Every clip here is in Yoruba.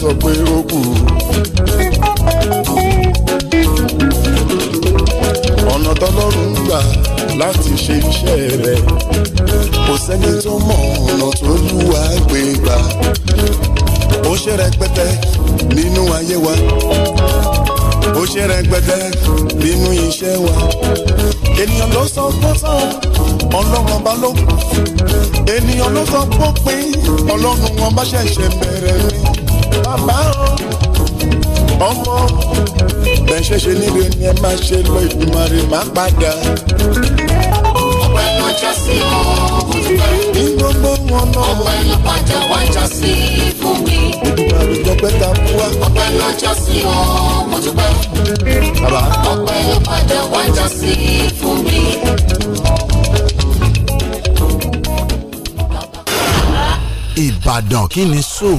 sọ pé ó kù. ọ̀nà tọ́lọ́run gbà láti ṣe iṣẹ́ rẹ̀ kò sẹ́ni tó mọ ọ̀nà tó lúwa gbé gbà ó ṣe rẹpẹtẹ nínú ayé wa ó ṣe rẹpẹtẹ nínú iṣẹ́ wa ènìyàn ló sọ pọ́sán ọlọ́run ọba ló kù ènìyàn ló sọ pópin ọlọ́run ọba ṣẹ̀ṣẹ̀ bẹ̀rẹ̀ ni bàbá o ọmọ bẹ́ẹ̀ ṣe ṣe níbi ni ẹ máa ṣe lọ ìgbìmọ̀ rẹ̀ má padà. ọpẹ́ ló jẹ́ sí ọkùnrin ní gbogbo wọn náà. ọpẹ́ ló bàjẹ́ wá jẹ́ sí fún mi. ìdúpẹ́ ta fún wa. ọpẹ́ ló jẹ́ sí ọmọdúpẹ́. bàbá. ọpẹ́ ló bàjẹ́ wá jẹ́ sí fún mi. Ìbàdàn kí ni sóò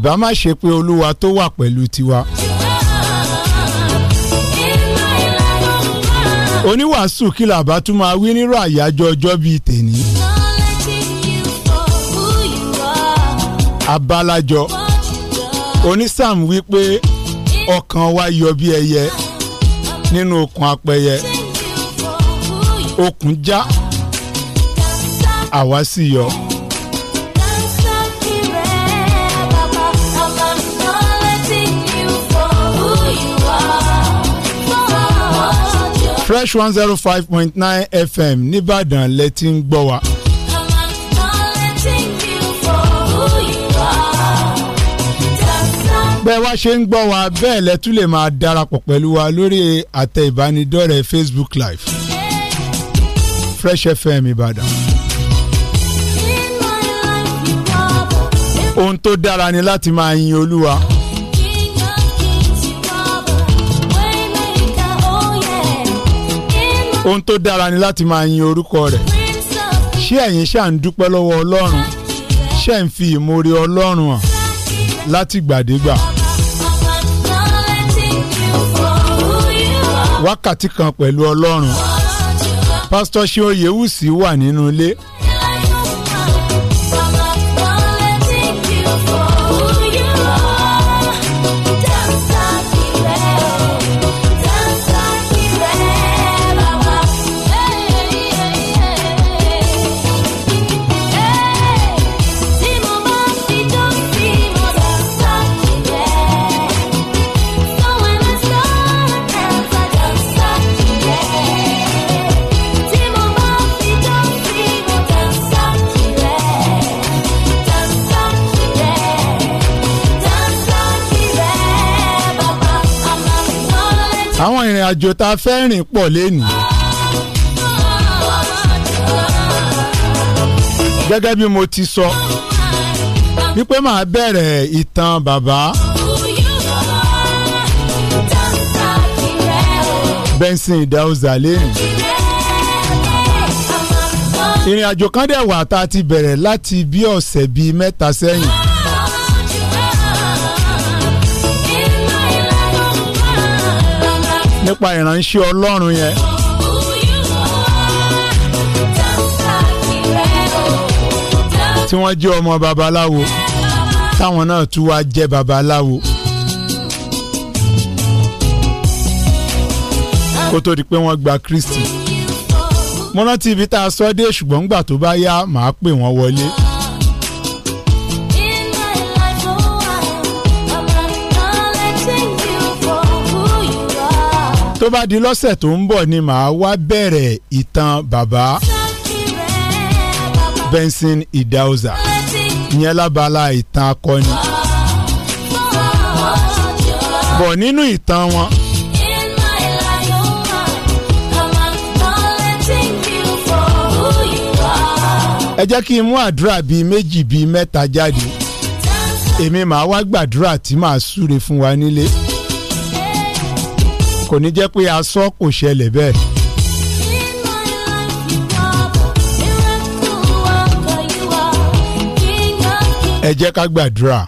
ìbá má ṣe pé olúwa tó wà pẹ̀lú tiwa. oníwàásù kìlà bá tún máa wí nírú àyájọ́ ọjọ́ bíi tèní. abalajọ onísàm wípé ọkàn wa yọ bí ẹyẹ nínú okùn apẹyẹ okùn já àwa sì yọ. fresh one zero oh five point nine fm nìbàdàn lẹ ti ń gbọ́ wa. bẹ́ẹ̀ wá ṣe ń gbọ́ wa bẹ́ẹ̀ lẹ tún lè máa darapọ̀ pẹ̀lú wa lórí àtẹ ìbánidọ́rẹ̀ẹ́ facebook live fresh fm ìbàdàn. ohun tó dára ni láti máa yin olúwa. ohun tó dára ni láti máa yin orúkọ rẹ̀ ṣé ẹ̀yin ṣáà ń dúpẹ́ lọ́wọ́ ọlọ́run ṣé ń fi ìmoore ọlọ́run hàn látìgbàdégbà. wákàtí kan pẹ̀lú ọlọ́run pásítọ̀ ṣé Oyèwùsì wà nínú ilé. àwọn ìrìn àjò tá a fẹ́ rìn pọ̀ lẹ́nu. gẹ́gẹ́ bí mo ti sọ wípé màá bẹ̀rẹ̀ ìtàn bàbá. Benson Idahosa lẹ́nu. ìrìn àjò kan dẹ̀ wà tá a ti bẹ̀rẹ̀ láti bí ọ̀sẹ̀ bíi mẹ́ta sẹ́yìn. nípa ìránṣẹ́ Ọlọ́run yẹn. tí wọ́n jẹ́ ọmọ babaláwo táwọn náà tún wá jẹ́ babaláwo. kó tó di pé wọ́n gba Kristi mo rántí ibi tá a sọ dé ṣùgbọ́n nígbà tó bá yá màá pè wọ́n wọlé. tó bá di lọ́sẹ̀ tó ń bọ̀ ni màá wá bẹ̀rẹ̀ ìtàn bàbá Benson Idahosa ìyẹn lábala ìtàn akọni bọ̀ nínú ìtàn wọn. ẹ jẹ́ kí n mú àdúrà bíi méjì bíi mẹ́ta jáde èmi màá wá gbàdúrà tí màá súre fún wa nílé kò ní jẹ́ pé asọ́ kò ṣẹlẹ̀ bẹ́ẹ̀. ẹ jẹ́ ká gbàdúrà.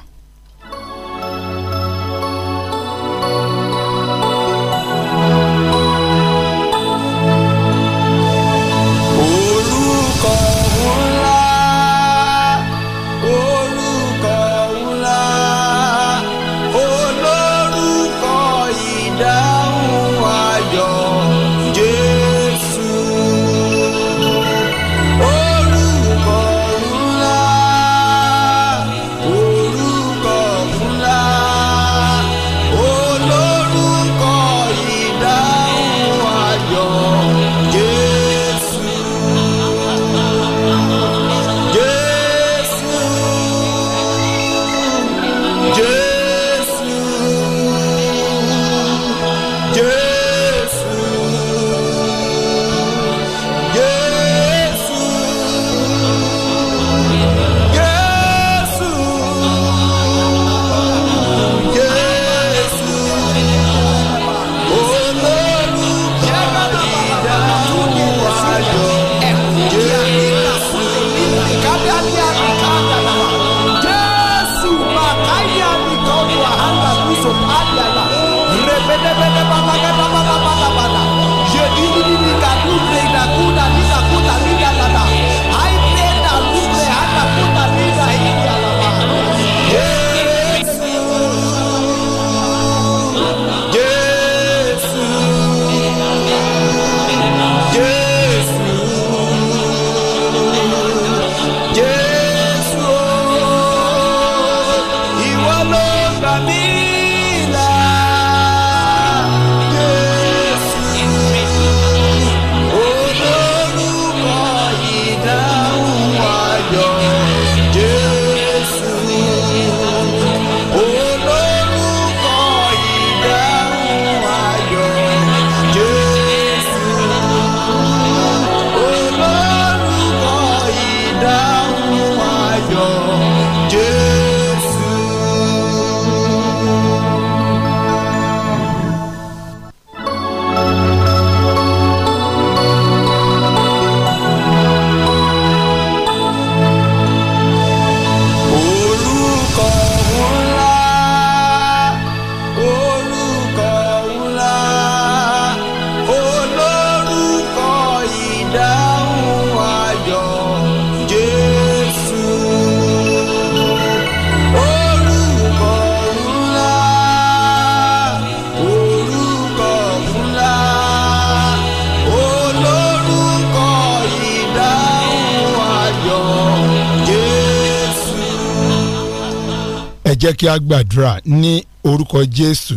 jẹ́ kí a gbàdúrà ní orúkọ Jésù.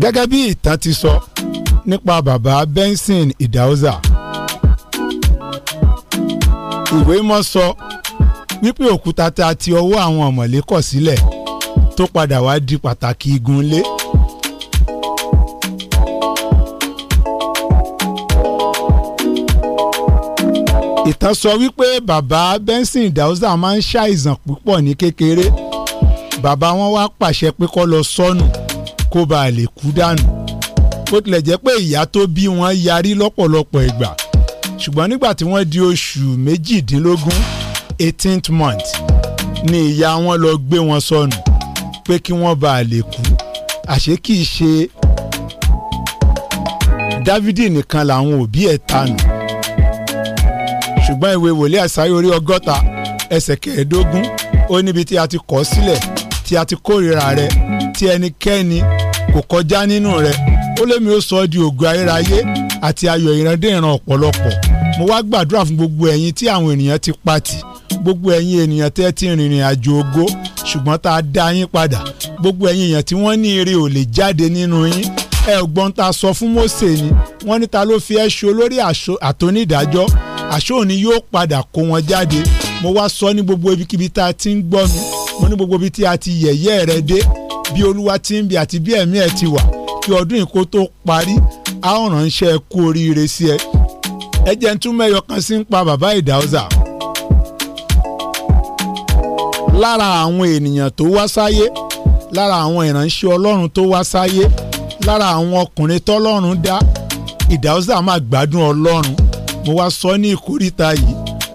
gẹ́gẹ́ bí ìtàn ti sọ nípa bàbá Benson Idahosa ìwé mọ́ sọ wípé òkúta tá a ti ọwọ́ àwọn ọ̀mọ̀lé kọ̀ sílẹ̀ tó padà wá di pàtàkì igun lé. ìtàn sọ wípé bàbá Benson Dauza máa ń ṣàìsàn púpọ̀ ní kékeré bàbá wọn wá pàṣẹ pé kó lọ sọnù kó bàa lè kú dànù bó tilẹ̀ jẹ́ pé ìyá tó bí wọn yarí lọ́pọ̀lọpọ̀ ìgbà ṣùgbọ́n nígbà tí wọ́n di oṣù méjìdínlógún eighteenth month ni ìyá wọn lọ gbé wọn sọnù pé kí wọ́n bàa lè kú àṣé kìí ṣe Dávidi nìkan làwọn òbí ẹ̀ tanù ṣùgbọ́n ìwé wòlíì àṣàyò orí ọgọ́ta ẹsẹ̀ kẹẹ̀ẹ́dógún ó níbi tí a ti kọ́ sílẹ̀ tí a ti kórìíra rẹ tí ẹnikẹ́ni kò kọjá nínú rẹ ó lémi ó sọ ọ́ di ògo ayérayé àti ayọ̀ ìrandéìran ọ̀pọ̀lọpọ̀ mo wá gbàdúrà fún gbogbo ẹ̀yin tí àwọn ènìyàn ti pa tì gbogbo ẹ̀yin ènìyàn tẹ́ ti rìnrìn àjò ògo ṣùgbọ́n tá a dá yín padà gbogbo ẹ̀yin èèyàn tí wọ́n ní ire ò lè jáde nínú yín ẹ ò gbọ́n ta sọ fún Mósè ni wọ́n ní ta ló fi ẹ́ ṣe olórí àtònídàájọ́ àṣọ òní yóò padà kó wọn jáde mo wá sọ ní gbogbo ibikíbi tá a ti ń gbọ́ mi mo ní gbogbo ibi tí a ti yẹ̀yẹ́ rẹ dé bí olúwa ti ń bì àti bí ẹ̀mí ẹ̀ ti wà kí ọdún ìkó tó parí a kú oríire sí ẹ ẹ ń tún mẹ́yọ kan sí ń pa bàbá ìdáwọ́sà lára àwọn ènìyàn tó wá sáyé lára àwọn ìránṣẹ́ ọlọ́run tó wá sáyé lára àwọn ọkùnrin tọ́lọ́run dá ìdáwọ́sà máa gbádùn ọlọ́run mo wá sọ ní ìkóríta yìí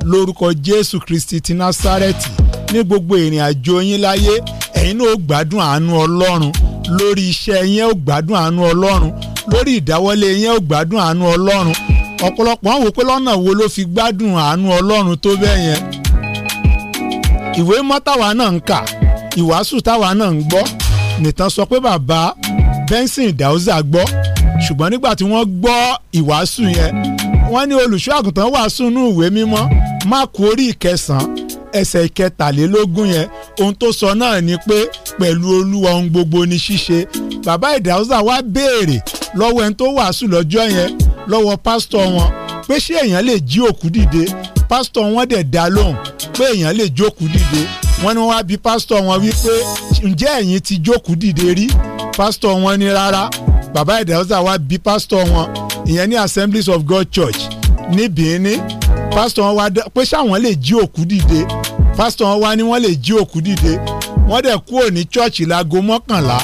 lórúkọ Jésù Kristi ti Násárẹ́tì ní gbogbo ìrìn àjò yín láyé ẹ̀yin náà ó gbádùn àánú Ọlọ́run lórí iṣẹ́ yín ó gbádùn àánú Ọlọ́run lórí ìdáwọ́lé yín ó gbádùn àánú Ọlọ́run ọ̀pọ̀lọpọ̀ àwọn wò pé lọ́nà wo ló fi gbádùn àánú Ọlọ́run tó bẹ́ẹ̀ yẹn ìwé mọ́ náà ń kà ìwàásù táwa náà ń gbọ́ nìtàn sọ pé bàbá Benson Dauza gbọ́ ṣùgbọ́n nígbà tí wọ́n gbọ́ ìwàásù yẹn wọ́n ní olùṣọ́ àgùntàn wà sínú ìwé mímọ́ máàkù orí ìkẹsàn-án ẹsẹ̀ ìkẹtàlélógún yẹn ohun tó sọ náà ni pé pẹ̀lú olúwa ohun gbogbo ni ṣíṣe bàbá ìdáhùsà wá béèrè lọ́wọ́ ẹni tó wàásù lọ́jọ́ yẹn lọ́wọ́ pásítọ̀ wọn pé ṣé èèyàn lè jí òkú dìde pásítọ̀ wọn dẹ̀ dá lóhùn pé èèyàn lè jókòó dìde wọ́n ní wọ́n á pásítọ̀ wọn wípé ǹjẹ́ ẹ̀yin ti jókòó dìde rí pásítọ̀ wọn ní rárá bàbá ìdáhùsà wá bi pásítọ̀ wọn ìyẹn ní Assemblies of God Church ní Benin pásítọ̀ wọn wá pé ṣáwọn lè jí òkú dìde pásítọ̀ wọn wá ní wọ́n lè jí òkú dìde wọ́n dẹ̀ kúrò ní chọ́ọ̀chì láago mọ́kànlá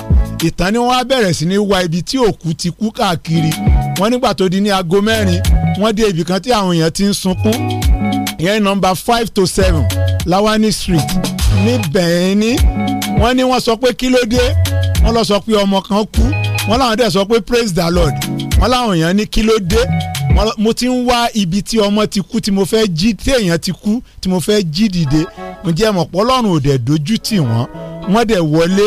ìtàn ni wọ́n á bẹ̀rẹ̀ sí ní wá ibi tí òkú ti kú káàkiri wọ́n nígbà tó di ní aago mẹ́rin wọ́n dé ibì kan tí àwọn èèyàn ti ń sunkún ìyẹn nọ́mbà five to seven Lawani Street ní Benin wọ́n ní wọ́n sọ pé kí ló dé wọ́n lọ sọ pé ọmọ kan kú wọ́n làwọn dẹ̀ sọ pé praise the Lord wọ́n láwọn èèyàn ní kí ló dé mo ti ń wá ibi tí ọmọ ti kú tí mo fẹ́ jí tí èèyàn ti kú tí mo fẹ́ jí dìde ǹjẹ́ mọ̀ pé Ọlọ́run ò dojú tì wọ́n wọ́n dẹ̀ wọlé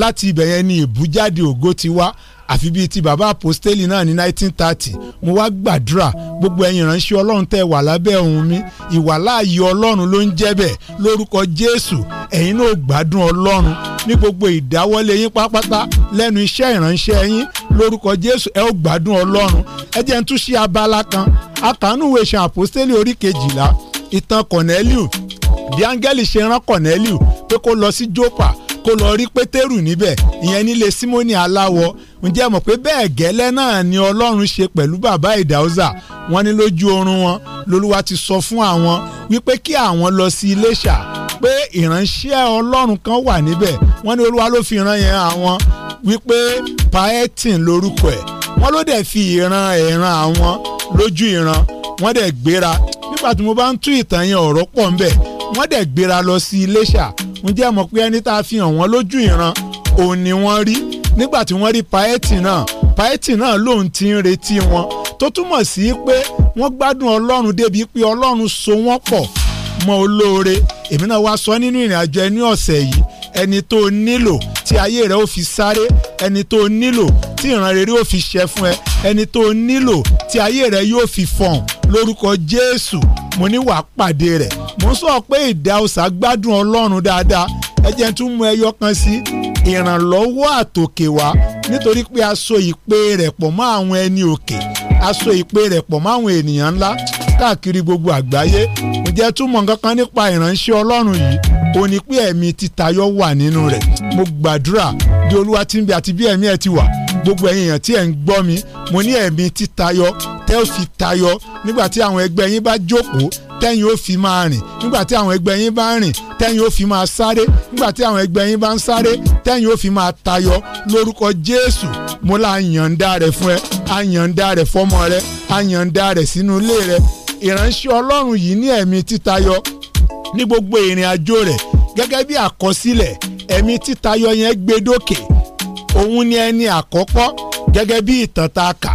láti ibẹ̀ yẹn ni ìbújáde ògo ti wá àfi bíi ti bàbá àpòstélì náà ní 1930 mo wá gbàdúrà gbogbo ẹ̀yin ìránṣẹ́ ọlọ́run tẹ́ wà lábẹ́ òun mi ìwàláàyè ọlọ́run ló ń jẹ́ bẹ́ẹ̀ lórúkọ jésù ẹ̀yin náà gbádùn ọlọ́run ní gbogbo ìdáwọ́lé yín pátápátá lẹ́nu iṣẹ́ ìránṣẹ́ yín lórúkọ jésù ẹ ó gbádùn ọlọ́run ẹ jẹ́ ń tún ṣe abala kan àkànúwò ìṣàn àpòstélì orí kejìlá ìtàn kọ̀nẹ́líù bí áńgẹ́lì ṣe rán kọ̀nẹ́líù pé kó lọ sí jópa kó lọ rí pétérù níbẹ̀ ìyẹn nílé símónì aláwọ̀ ǹjẹ́ mọ̀ pé bẹ́ẹ̀ gẹ́lẹ́ náà ni ọlọ́run ṣe pẹ̀lú bàbá ìdáhùsà wọ́n ní lójú oorun wọn lolúwa ti sọ fún àwọn wípé kí àwọn lọ sí iléṣà pé ìránṣẹ́ ọlọ́run kan wà níbẹ̀ wọ́n ní olúwa ló fi ran yẹn àwọn wípé paetin lorúkọ ẹ̀ wọ́n ló dẹ̀ fi ìran ẹ̀ran àwọn lójú ìran wọ́n dẹ̀ gbéra nígbà tí mo bá ń tú ìtàn yẹn ọ̀rọ̀ pọ̀ ńbẹ̀ wọ́n dẹ̀ gbéra lọ sí iléṣà ǹjẹ́ ẹ mọ̀ pé ẹni tá a fi hàn wọ́n lójú ìran òun ni wọ́n rí nígbà tí wọ́n rí paẹ́tì náà paẹ́tì náà lòun ti ń retí wọn tó túmọ̀ sí pé wọ́n gbádùn ọlọ́run débi pé ọlọ́run so wọ́n pọ̀ mọ́ olóore èmi náà wá sọ nínú ìrìn àjò ẹni ọ̀sẹ̀ yìí ẹni tó nílò tí ayé rẹ ó fi sáré ẹni tó nílò tí ìran ó fi ṣẹ fún ẹ ẹni tó nílò tí ayé rẹ yóò fi fọ̀n lórúkọ Jésù mo ní wàá pàdé rẹ̀ mo ń sọ pé ìdá òsà gbádùn ọlọ́run dáadáa ẹ jẹ́ n tún mú ẹyọ kan sí ìrànlọ́wọ́ àtòkè wá nítorí pé a so ìpè rẹ̀ pọ̀ mọ́ àwọn ẹni òkè a so ìpè rẹ̀ pọ̀ mọ́ àwọn ènìyàn ńlá káàkiri gbogbo àgbáyé ǹjẹ́ túmọ̀ kankan nípa ìránṣẹ́ ọlọ́run yìí ó ní pé ẹ̀mí títayọ wà nínú rẹ̀ mo gbàdúrà bí olúwa ti ń bẹ àti bí ẹ̀mí ẹ ti wà gbogbo ẹ̀yin èèyàn tí ẹ̀ ń gbọ́ mi mo ní ẹ̀mí títayọ tẹ́ ò fi tayọ nígbà tí àwọn ẹgbẹ́ yín bá jókòó tẹ́yìn ó fi máa rìn nígbà tí àwọn ẹgbẹ́ yín bá ń rìn tẹ́yìn ó fi máa sáré nígbà tí àwọn ẹgbẹ́ yín bá ń sáré tẹ́yìn ó fi máa tayọ lórúkọ Jésù mo la yànda rẹ̀ fún ẹ a yànda rẹ̀ fọmọ rẹ a yànda rẹ̀ sínú ilé rẹ ìránṣẹ́ Ọlọ́run yìí ní ẹ̀mí títayọ ní gbogbo ìrìn àjò rẹ̀ gẹ́gẹ́ bí àkọsílẹ̀ ẹ̀mí títayọ yẹn gbé dókè òun ni ẹni àkọ́kọ́ gẹ́gẹ́ bí ìtàn ta kà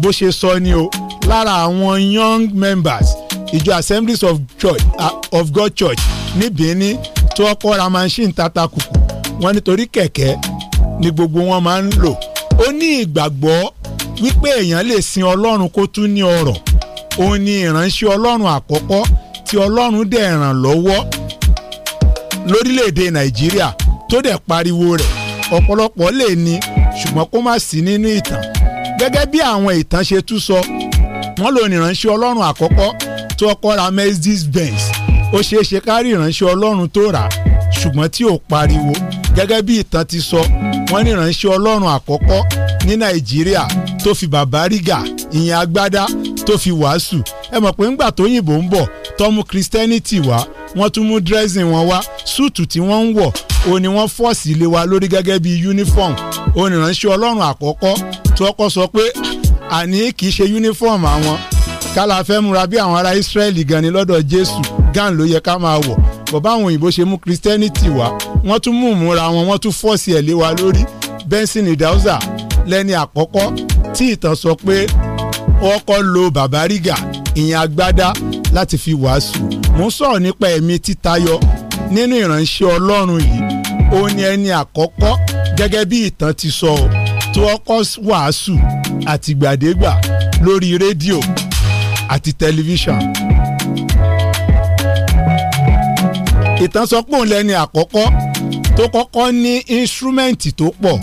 bó ṣe sọ ni o lára àwọn young members ìjọ assemblies of, church, uh, of God church ní Benin tí wọ́n kọ́ ra machine tatakùkù wọn nítorí kẹ̀kẹ́ ni gbogbo wọn máa ń lò ó ní ìgbàgbọ́ wípé èèyàn lè sin Ọlọ́run kó tún ní ọrọ̀ òun ni ìránṣẹ́ Ọlọ́run àkọ́kọ́ tí Ọlọ́run dẹ̀ ràn lọ́wọ́ lórílẹ̀‐èdè Nàìjíríà tó dẹ̀ pariwo rẹ̀ ọ̀pọ̀lọpọ̀ lè ní ṣùgbọ́n kó má sí nínú ìtàn gẹ́gẹ́ bí àwọn ìtàn ṣe tún sọ wọ́n lò nìránṣẹ́ ọlọ́run àkọ́kọ́ tó ọkọ ra Mercedes Benz ó ṣeé ṣe ká rí ìránṣẹ́ ọlọ́run tó rà ṣùgbọ́n tí ò pariwo gẹ́gẹ́ bí ìtàn ti sọ wọ́n ní ìránṣẹ́ ọlọ́run àkọ́kọ́ ní Nàìjíríà tó fi bàbá rígà ìyẹn agbádá tó fi wàásù ẹ mọ̀ pé ńgbà tó yìnbó ń bọ̀ tọ́mú Christianity wá wọ́n tún mú dressing wọn wá súùtù tí wọ́n ń wọ̀ ó ní wọ́n fọ́ọ̀sì ilé wa lórí gẹ́gẹ́ bí uniform oníránṣẹ́ ọlọ́run àkọ́kọ́ tọkọ sọ pé àní kì í ṣe uniform àwọn kálá fẹ́ múra bí àwọn ará Ísírẹ́lì gan ni lọ́dọ̀ Jésù gan ló yẹ ká máa wọ̀ bọ̀bá àwọn òyìnbó ṣe mú Christianity wá wọ́n tún mú ìmúra wọn wọ́n tún fọ́ọ̀sì ẹ̀ lé wa lórí Benson Idahosa lẹ́ni àkọ́kọ́ tí ìtàn sọ pé ọkọ̀ lo bàbá rígà ìyẹn agbádá láti fi wàásù mò ń sọ̀rọ̀ nípa ẹ̀mí títayọ nínú ìránṣẹ́ Ọlọ́run yìí ó ní ẹni àkọ́kọ́ gẹ́gẹ́ bí ìtàn ti sọ ọ́ tí wọ́n kọ́ wàásù àtìgbàdégbà lórí rédíò àti tẹlifíṣàn. ìtàn sọ pé òun lẹni àkọ́kọ́ tó kọ́kọ́ ní instrumenti tó pọ̀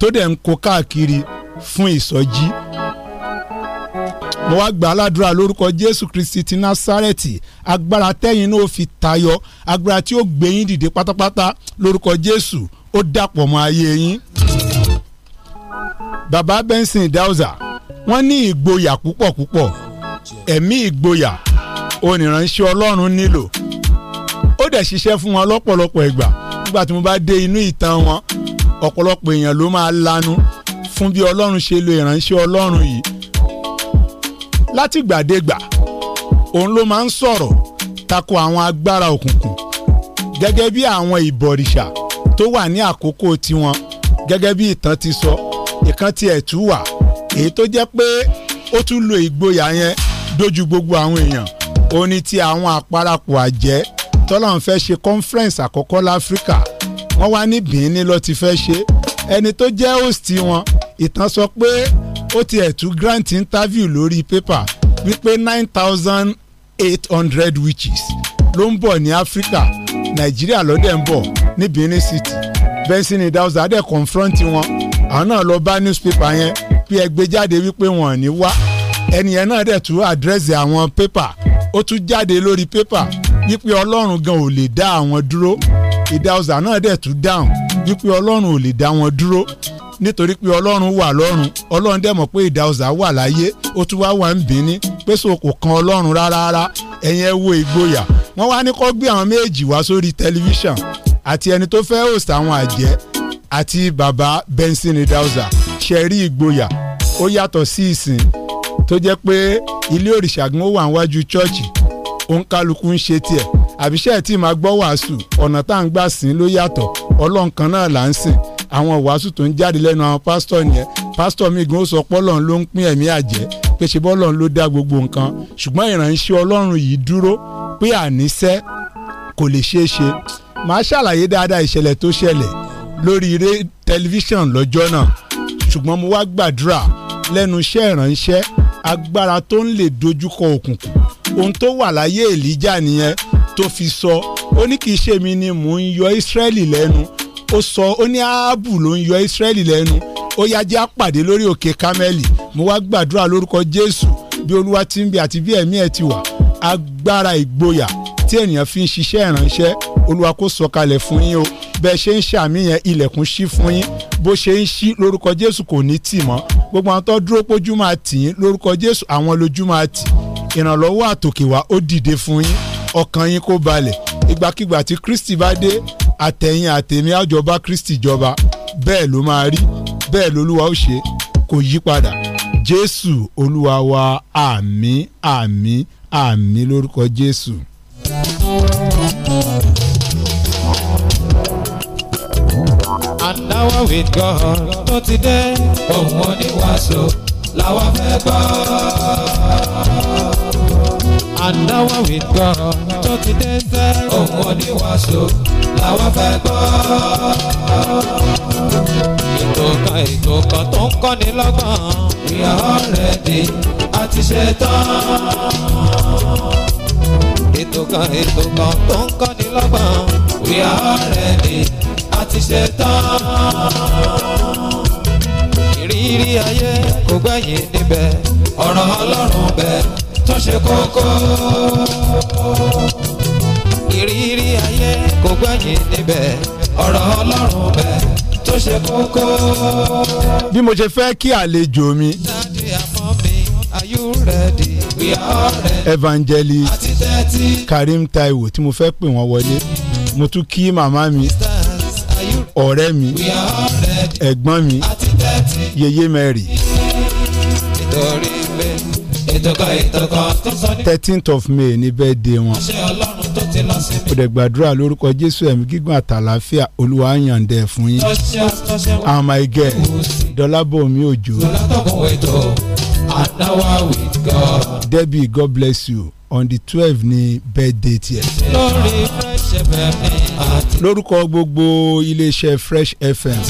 tó dẹ̀ ń kó káàkiri fún ìsọjí. So mo wá gbà á lórúkọ jésù kristi ti násárẹ́tì agbára tẹ́yìn náà fi tayọ agbára tí ó gbé yín dìde pátápátá lórúkọ jésù ó dàpọ̀ mọ́ ayé yín. bàbá benson dauza wọ́n ní ìgboyà púpọ̀ púpọ̀ ẹ̀mí ìgboyà oníránṣẹ́ ọlọ́run nílò ó dẹ̀ ṣiṣẹ́ fún wọn lọ́pọ̀lọpọ̀ ìgbà nígbà tí mo bá dé inú ìtàn wọn ọ̀pọ̀lọpọ̀ èèyàn ló máa lanu fún bí ọlọ́run ṣe lo ìránṣẹ́ ọlọ́run yìí látìgbàdégbà òun ló máa ń sọ̀rọ̀ tako àwọn agbára òkùnkùn gẹ́gẹ́ bí àwọn ìbọ̀rìṣà tó wà ní àkókò tiwọn gẹ́gẹ́ bí ìtàn ti sọ ìkan ti ẹ̀tú wà èyí tó jẹ́ pé ó tún lo ìgboyà yẹn dojú gbogbo àwọn èèyàn ó ní ti àwọn àparapọ̀ àjẹ́ tọ́lọ́n fẹ́ ṣe conference àkọ́kọ́ láfíríkà wọ́n wá ní Benin ló ti fẹ́ ṣe ẹni tó jẹ́ host wọn ìtàn sọ pé ó ti ẹ̀ grant interview lórí pépà wípé nine thousand eight hundred witches ló ń bọ̀ ní áfíríkà nàìjíríà lọ́dẹ̀ ń bọ̀ ní benin city benson idauza adé confront wọn àwọn náà lọ bá newspaper yẹn pé ẹ gbé jáde wípé wọn ò ní wá ẹnìyẹn náà dẹ̀ tún àdírẹ́sì àwọn pépà ó tún jáde lórí pépà wípé ọlọ́run gan ò lè dá àwọn dúró idauza náà dẹ̀ tún dáhùn wípé ọlọ́run ò lè dá wọn dúró nítorí pé ọlọ́run wà lọ́run ọlọ́run dẹ̀ mọ̀ pé ìdá ọ̀sà wà láyé ó tún wá wà ń bínní pé sòkò kan ọlọ́run rárá ẹ̀yin ẹ wo ìgboyà wọ́n wá ní kó gbé àwọn méjì wá sórí tẹlifíṣàn àti ẹni tó fẹ́ host àwọn àjẹ́ àti bàbá Benson idauza ṣẹ̀rí ìgboyà ó yàtọ̀ sí ìsìn tó jẹ́ pé ilé òrìṣàgùn ó wà níwájú chọ́ọ̀chì òǹkálukú ń ṣe tiẹ̀ àbíṣẹ́ tí màá gbọ́ wàásù ọ̀nà tá à ń gbà sìn ló yàtọ̀ ọlọ́run náà là ń sìn àwọn wàásù tó ń jáde lẹ́nu àwọn pásítọ̀ nìyẹn pásítọ̀ mi gan ó sọ pé Ọlọ́run ló ń pín ẹ̀mí àjẹ́ pé ṣe bọ́lọ́run ló dá gbogbo nǹkan ṣùgbọ́n ìránṣẹ́ Ọlọ́run yìí dúró pé àníṣẹ́ kò lè ṣeé ṣe màá ṣàlàyé dáadáa ìṣẹ̀lẹ̀ tó ṣẹlẹ̀ lórí eré tẹlifíṣàn lọ́jọ́ náà ṣùgbọ́n mo wá gbàdúrà lẹ́nu iṣẹ́ ìránṣẹ́ agbára tó ń lè dojúkọ òkùnkùn ohun tó wà láyé Èlíjà nìyẹn tó fi sọ ó ní kì í ṣe mi ni mò ń yọ Ísírẹ́lì lẹ́nu ó sọ ó ní áábù ló ń yọ Ísírẹ́lì lẹ́nu ó yá jẹ́ àpàdé lórí òkè Kámẹ́lì mo wá gbàdúrà lórúkọ Jésù bí Olúwa ti ń bẹ àti bí ẹ̀mí ẹ̀ ti wà agbára ìgboyà tí ènìyàn fi ń ṣiṣẹ́ ìránṣẹ́ Olúwa kó sọ̀kalẹ̀ fún yín o bẹ́ẹ̀ ṣe ń ṣàmì yẹn ilẹ̀kùn ṣí fún yín bó ṣe ń ṣí lórúkọ Jésù kò ní tì mọ́ gbogbo àwọn tó dúró pójú máa tì yín lórúkọ Jésù àwọn lójú máa tì ìrànlọ́wọ́ àtòkèwá ó dìde fún yín ọkàn yín kó balẹ̀ ìgbàkigbà tí Kristi bá dé àtẹ̀yìn àtẹ̀mí àjọba Kristi jọba bẹ́ẹ̀ ló máa rí bẹ́ẹ̀ lolúwa ó ṣe kò yí padà Jésù olúwa wa àmín àmín àmín lórúkọ Jésù. Adáwọ̀ with God tó ti dé òun oníwàásù làwọn fẹ́ gbọ́ and now we go tó ti dé sẹ́. ohun fẹ́ gbọ́. ètò kan ètò kan tó ń kọ́ni lọ́gbọ̀n. we are already a ti ṣe ètò kan ètò kan tó ń kọ́ni lọ́gbọ̀n. we are already a ti ṣe ìrírí ayé kò gbẹ̀yìn níbẹ̀ ọ̀rọ̀ ọlọ́run bẹ́ẹ̀ tó ṣe kókó. ìrírí ayé kò gbẹ̀yìn níbẹ̀ ọ̀rọ̀ ọlọ́run bẹ̀ tó ṣe kókó. bí mo ṣe fẹ́ kí àlejò mi. dáàdi àmọ́ mi are you ready? we are ready. evangelist karim taiwo tí mo fẹ́ pè wọ́n wọlé mo tún kí màmá mi ọ̀rẹ́ mi ẹ̀gbọ́n mi yèyé mary ìjọba ìtọ́kọ thirteenth of May ní birthday wọn. ṣé ọlọ́run tó ti lọ sí mi. ó dẹ̀ gbàdúrà lórúkọ Jésù ẹ̀mí gígùn àtàlàáfíà Olúwa yàǹdẹ̀ fún yín. and ah, my girl Dọlábọ̀mí Debbie God bless you on the twelve ní birthday tiẹ̀. lórí Fresh FM. lórúkọ gbogbo iléeṣẹ́ Fresh FM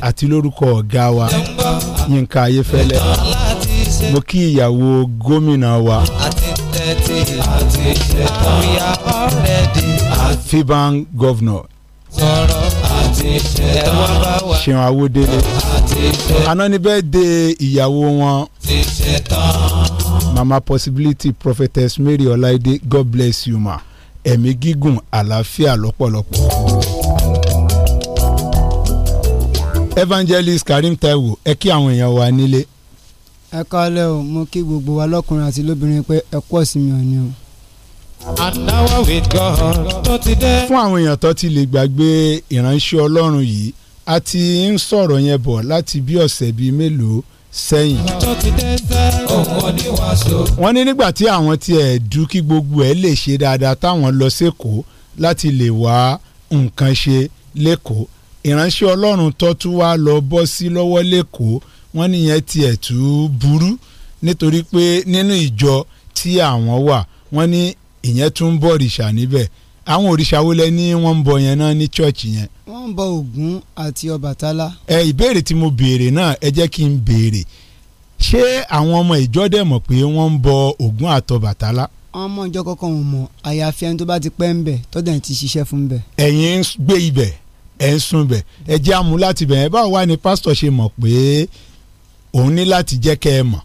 àti lórúkọ ọ̀gá wa Yínká Ayéfẹ́lẹ́ mo kí ìyàwó gómìnà wa fiban governor ṣeun awodele àná ni bẹ́ẹ̀ de ìyàwó wọn mama possibility prophetess mary ọláìdé god bless you ma ẹ̀mí gígùn àlàáfíà lọ́pọ̀lọpọ̀. evangelist karim taiwo ẹ kí àwọn èèyàn wa nílé ẹ kálẹ́ o mo kí gbogbo wa lọ́kùnrin àti lóbìnrin pé ẹ kú ọ̀sìn mi ò ní o. àdáwọ̀ with God tó ti dé. fún àwọn èèyàn tó ti lè gbàgbé ìránṣẹ́ ọlọ́run yìí a ti ń sọ̀rọ̀ yẹn bọ̀ láti bí ọ̀sẹ̀ bíi mélòó sẹ́yìn. wọ́n ní nígbà tí àwọn tiẹ̀ dú kí gbogbo ẹ̀ lè ṣe dáadáa táwọn lọ sékòó láti lè wá nǹkan ṣe lẹ́kọ̀ọ́ ìránṣẹ́ ọlọ́run tó tún wá lọ bọ́ sí lọ́wọ́ lẹ́kọ̀ọ́ wọ́n nìyẹn tiẹ̀ tú burú nítorí pé nínú ìjọ tí àwọn wà wọ́n ní ìyẹn tún ń bọ òrìṣà níbẹ̀ àwọn òrìṣà wo lẹ ní wọ́n ń bọ yẹn náà ní chọ́ọ̀chì yẹn. wọ́n ń bọ Ògún àti Ọbàtálá. ẹ ìbéèrè tí mo béèrè náà ẹ jẹ́ kí n béèrè ṣé àwọn ọmọ ìjọ dẹ̀ mọ̀ pé wọ́n ń bọ Ògún àtọbàtálá ọmọ ìjọ kọkàn ò mọ àyàfi ẹni tó bá ti pẹ́ ń bẹ̀ tó ti ṣiṣẹ́ fún bẹ̀. ẹ̀yin ń gbé ibẹ̀ ẹ̀ ń sùn bẹ̀ ẹ̀ jẹ́ àmú láti bẹ̀ ẹ̀ báwo wá ni pásítọ̀ ṣe mọ̀ pé òun ní láti jẹ́ kẹ́ ẹ mọ̀.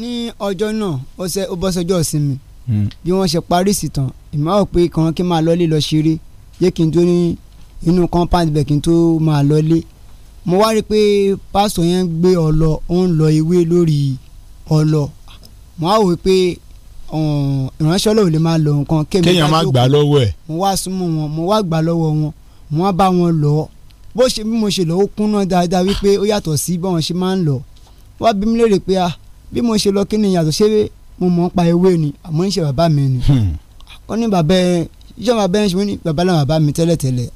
ní ọjọ́ náà ọ̀sẹ̀ ó bọ́ sọjọ́ ìsinmi hmm. bí wọ́n ṣe parí ìsìtàn ìmọ̀ ò pé kàn kí n máa lọ́lé lọ ṣeré yé kí n tó ní inú compound bẹ̀ kí n tó máa lọ́lé mo wá rí i pé pásítọ̀ yẹn ń gbé ọlọ ó lọ ewé lórí ọlọ mo á wò pé ìránṣẹ́ ọlọ́run lè máa lọ nǹkan kémi kéèyàn má gbà lọ́wọ́ ẹ̀. mo wá súnmọ́ wọn mo wá gbà lọ́wọ́ wọn mo wá bá wọn lọ bó ṣe bí mo ṣe lọ ó kúnná dáadáa wípé ó yàtọ̀ sí bí ṣe máa ń lọ wá bí mi léèrè pé a ah, bí mo ṣe lọ kí ni yàtọ̀ ṣé mo mọ̀ ń pa ewé ni àmọ́ ń ṣe bàbá mi ni hmm. ó ní bàbá ẹ iṣẹ́ bàbá ẹ ṣe ní bàbá náà bàbá mi tẹ́lẹ̀tẹ́lẹ̀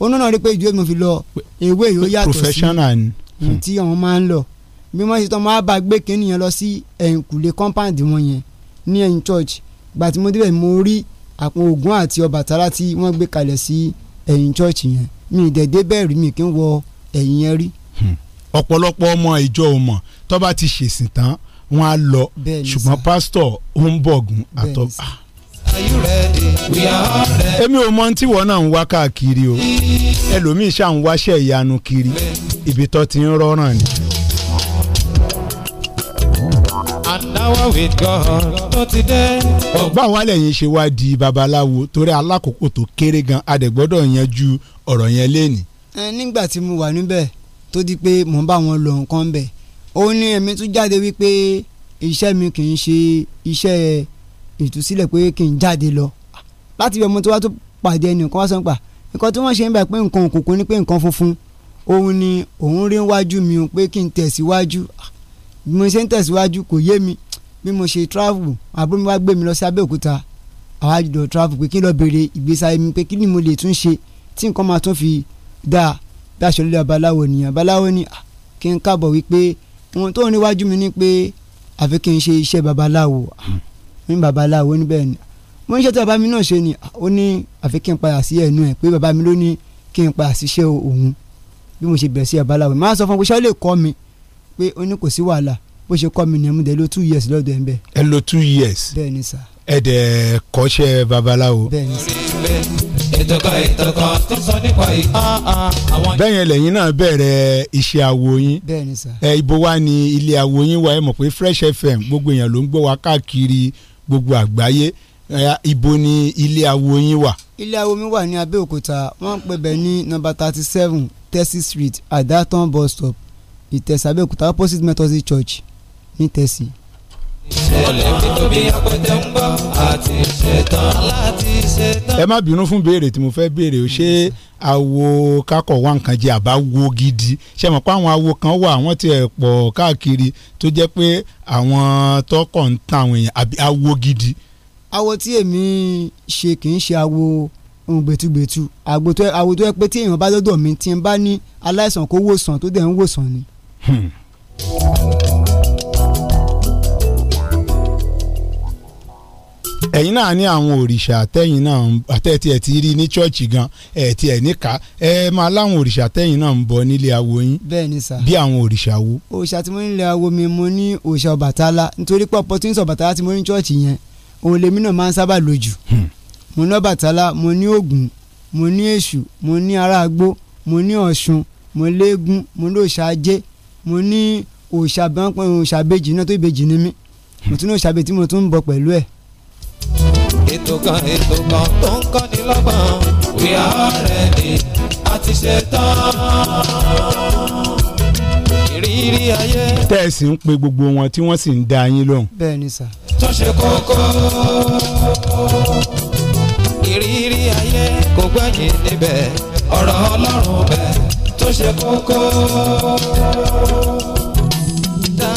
òun ah, náà rí pé ìjọ mi fi lọ ewé yóò yàtọ̀ sí tí àwọn máa ń lọ bí wọ́n ṣe tán máa bá gbé kínní yẹn lọ sí ẹ̀yìnkùlé eh, compound wọn yẹn ní ẹ̀yìn church gbà tí mo débẹ̀ mo rí àpò Ògún àti Ọbàtálá tí wọ́n gbé kalẹ̀ sí ẹ̀yìn church yẹn mi ìdẹ̀dẹ̀ bẹ́ẹ̀ rí mi kí n wọ ẹ̀yìn yẹn rí. Hmm. ọ̀pọ̀lọpọ̀ ọmọ ìjọ ò tó bá ti ṣèsìn tán wọ́n á lọ ṣùgbọ́n pásítọ̀ ó ń bọ̀gùn àtọ́. Ah. Are you ready? We are ready. èmi ò mọ tí wọn náà ń wá káàkiri o ẹlòmíín ṣáà ń wáṣẹ́ ìyanu kiri ibi tó ti ń rọrùn ni. ọgbà wa lẹ́yìn ṣe wá di babaláwo torí alákòókò tó kéré gan adẹ̀gbọ́dọ̀ yanjú ọ̀rọ̀ yẹn lẹ́nìí. nígbà tí mo wà níbẹ̀ tó di pé mò ń bá wọn lọ nǹkan bẹ́ẹ̀ òun ni èmi tún jáde wípé iṣẹ́ mi kì í ṣe iṣẹ́ ìtúsílẹ̀ pé kì í jáde lọ láti ibi ọmọ tó wá tó pàdé ẹnìkan wá sọ́n pa nǹkan tí wọ́n ṣe ń bẹ̀ pé nǹkan òkùnkùn ni pé nǹkan funfun òun ni òun rí wájú mi o pé kí n tẹ̀síwájú bí mo ṣe ń tẹ̀síwájú kò yé mi bí mo ṣe travel àbúrò mi wá gbé mi lọ sí Abẹ́òkúta àwa jùlọ travel pé kí n lọ bèrè ìgbésí ayé mi pé kí ni mo lè tún ṣe tí nǹkan máa tún fi dáa bí aṣọ abaláwo nìyẹn abaláwo ni ah, kí n kábọ̀ wípé ohun tó níwájú mi ni pé àfi kí n ṣe iṣẹ́ babaláwo ní babaláwo níbẹ̀ ni mo ń ṣe tí bàbá mi náà ṣe ni ó ní àfi kí n padà sí ẹnu ẹ̀ pé bàbá mi ló ní kí n padà síṣẹ́ òun bí mo ṣe bẹ̀rẹ̀ sí babaláwo máa sọ fún pé ṣé kọ́ mi pé ó ní kò sí wàhálà bó ṣe kọ́ mi ni mo dẹ̀ lo two years lọ́dọ̀ ẹ̀ ń bẹ̀. ẹ lo two years. bẹ́ẹ̀ ni sà. ẹ dẹ̀ kọ́ṣẹ́ babaláwo. bẹ́ẹ̀ ni sà ìtọ́kọ ìtọ́kọ tó sọ nípa ìtọ́ ah, ah, àwọn. bẹ́ẹ̀ náà bẹ̀rẹ̀ iṣẹ́ awo yín ẹ ibo wa ni ilé awo yín wa ẹ mọ̀ pé Fresh FM gbogbo èèyàn ló ń gbọ́ wa káàkiri gbogbo àgbáyé ibo ni ilé awo yín wà. ilé awo mi wà ní Abẹ́òkúta wọ́n ń pè bẹ́ẹ̀ ní nọ́mbà thirty seven Tessy Street Adaton bus stop Ìtẹ̀sí Abẹ́òkúta opposite Methodist Church ní Tessy ìṣẹ̀lẹ̀ mi tóbi ọpẹtẹ ń bọ̀ àti ṣetán láti ṣetán. ẹ má bínú fún béèrè tí mo fẹ́ béèrè o ṣé awo kakọ̀ wá nǹkan jẹ àbá wo gidi ṣe mọ̀ pé àwọn awo kan wà àwọn tí ẹ̀ pọ̀ káàkiri tó jẹ́ pé àwọn tọkọ̀ ń tan àwọn èèyàn àbí awo gidi. awo tí èmi ṣe kì í ṣe awo ohun gbẹtugbẹtu àgbòtò awo tó yẹ pé tí èèyàn bá lọ́dọ̀ mi tí n bá ní aláìsàn kó wòsàn tó dẹ̀ ń wòsàn ni. Hmm. ẹ̀yin náà ní àwọn òrìṣà àtẹ̀yìn náà àtẹ̀tí ẹ̀ ti rí ní chọ́ọ̀chì gan ẹ̀ ti ẹ̀ níka ẹ̀ máa láwọn òrìṣà àtẹ̀yìn náà ń bọ nílé awo yín. bẹ́ẹ̀ni sà bí àwọn òrìṣà wo. òrìṣà tí mo ní nílé awo mi mo ní òrìṣà ọ̀bàtálá nítorí pé opportunity ọ̀bàtálá tí mo ní chọ́ọ̀chì yẹn òun lèmi náà máa ń sábà lò mo ní ọ̀bàtálá mo ní ògún mo ní èṣù mo ní aráàgbó mo ní ọ̀ṣun mo léegun mo ní òòṣà ajé mo ní òòṣà bẹ́ẹ̀ òòṣà bèjì náà tó ìbejì ni mí mo tún ní òòṣà bèjì tí mo tún ń bọ pẹ̀lú ẹ̀ ètò kan ètò kan tó ń kọ́ni lọ́gbọ̀n we are ready a ti ṣe tán. ìrírí ayé. tẹ́ẹ̀sì ń pe gbogbo wọn tí wọ́n sì ń dá yín lóhùn. bẹ́ẹ̀ ni sà. tó ṣe kókó ìrírí ayé kò gbẹ̀yìn níbẹ̀ ọ̀rọ̀ ọlọ́run bẹ̀ tó ṣe kókó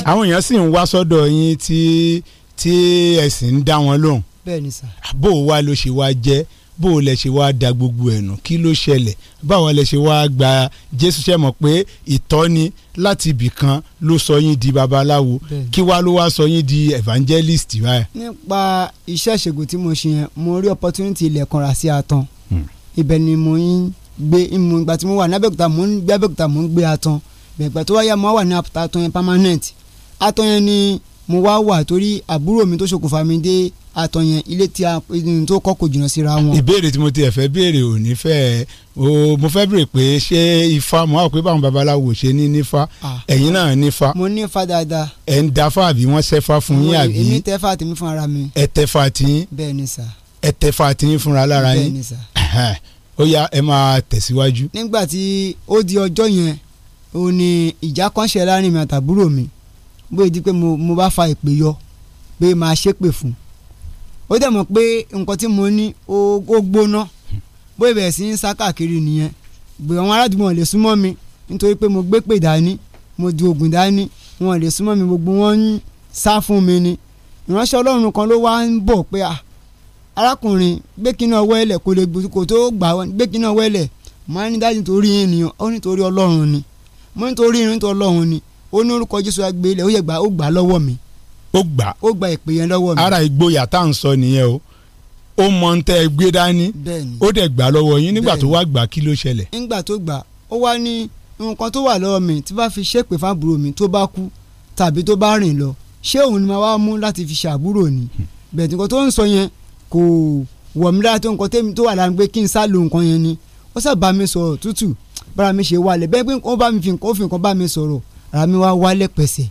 àwọn èèyàn sì ń wá sọ́dọ̀ yín tí tí ẹ̀sìn ń dá wọn lóhùn bẹ́ẹ̀ni sà. bó o wá ló ṣe wá jẹ́ bó o lẹ ṣe wá da gbogbo ẹ̀ nù kí ló ṣẹlẹ̀ báwo lẹ ṣe wá gba jésù ṣe mọ̀ pé ìtọ́ni láti ibì kan ló sọ yín di babaláwo kí wá ló wá sọ yín di evangelist báyìí. nípa iṣẹ́ ìṣègùn tí mo ṣe yẹn mo rí opportunity ilẹ̀ kanra sí atan hmm. ibẹ̀ ni mo ń gbé ìmọ̀ ìgbà tí mo wà ní abẹ́òkúta mo ń gbé abẹ́òkúta mo ń gbé atan ìgbà tó wáyà mo wà ní atan yẹn permanent atan yẹn ni mo wá wà torí àbúrò mi tó ṣokùnfà mi dé àtọ̀yàn ilé tí a tó kọ́kọ́ jìnnà síra wọn. ìbéèrè tí mo ti ẹ̀fẹ́ béèrè ò ní fẹ́ o mo fẹ́ béèrè pé ṣé ifá mo wá pé báwọn babaláwo ṣe ní nífá ẹ̀yin náà nífá. mo nífá dáadáa. ẹ̀ ń dáfá àbí wọ́n ṣẹ́fá fún yín àbí. èmi tẹ́fà tèmi fún ara mi. ẹ tẹ́fà tiyín. bẹ́ẹ̀ ni sà. ẹ tẹ́fà tiyín fúnra lára yín. bẹ́ẹ̀ ni sà. ó yá ẹ máa tẹ̀síwájú. nígbà tí ó di ọjọ́ yẹn ó ìjà kan ṣe láàrin mi àtàbúrò mi bóyá di pé mo bá fa ìpè yọ pé máa ṣépè fún ó dẹ̀ mọ̀ pé nǹkan tí mo ní ó gbóná bóyá bẹ̀rẹ̀ sí ń sá káàkiri nìyẹn gbé àwọn aládùúgbò wọn lè súnmọ́ mi nítorí pé mo gbé pè dání mo di oògùn dání wọn lè súnmọ́ mi gbogbo wọn ń sá fún mi ni ìránṣẹ́ ọlọ́run kan ló wá ń bọ̀ pé à ah, arákùnrin gbé kíná ọwọ́ ẹlẹ̀ kò lè kò tó gbà wọn gbé kíná ọwọ́ ẹlẹ̀ mo ní dájú nítorí ènìyàn ó nítorí ọlọ́run ni mo nítorí irun tó ọlọ́run ni ó ní orúkọ jésù agbélé ó yẹ gbà ó gbà lọ́wọ́ mi. ó gbà ó gbà ìpè yẹn lọ́wọ́ mi. ara ìgboyà tá à ń sọ nìyẹn o ó mọ ń tẹ gbé dání ó dẹ̀ gbà lọ́wọ́ yín nígbà tó wá gbà kí ló ṣẹlẹ̀. nígbà tó gbà ó wá ní nǹkan tó wà lọ́wọ́ mi tí bá fi ṣépè fábùrò mi tó bá kú tàbí tó bá rìn lọ ṣé òun ni màá wá mú láti fi ṣàbúrò ni hmm. bẹ́ẹ̀ tí nǹkan tó ń sọ yẹn kò wọ̀ mí láti nǹkan tó wà lára pé kí n sá lo nǹkan yẹn ni ó sábà mi sọ̀rọ̀ tútù bára mi ṣe wálẹ̀ bẹ́ẹ̀ pé wọ́n bá mi fi nǹkan bá mi sọ̀rọ̀ ara mi wá wálẹ̀ pẹ̀sẹ̀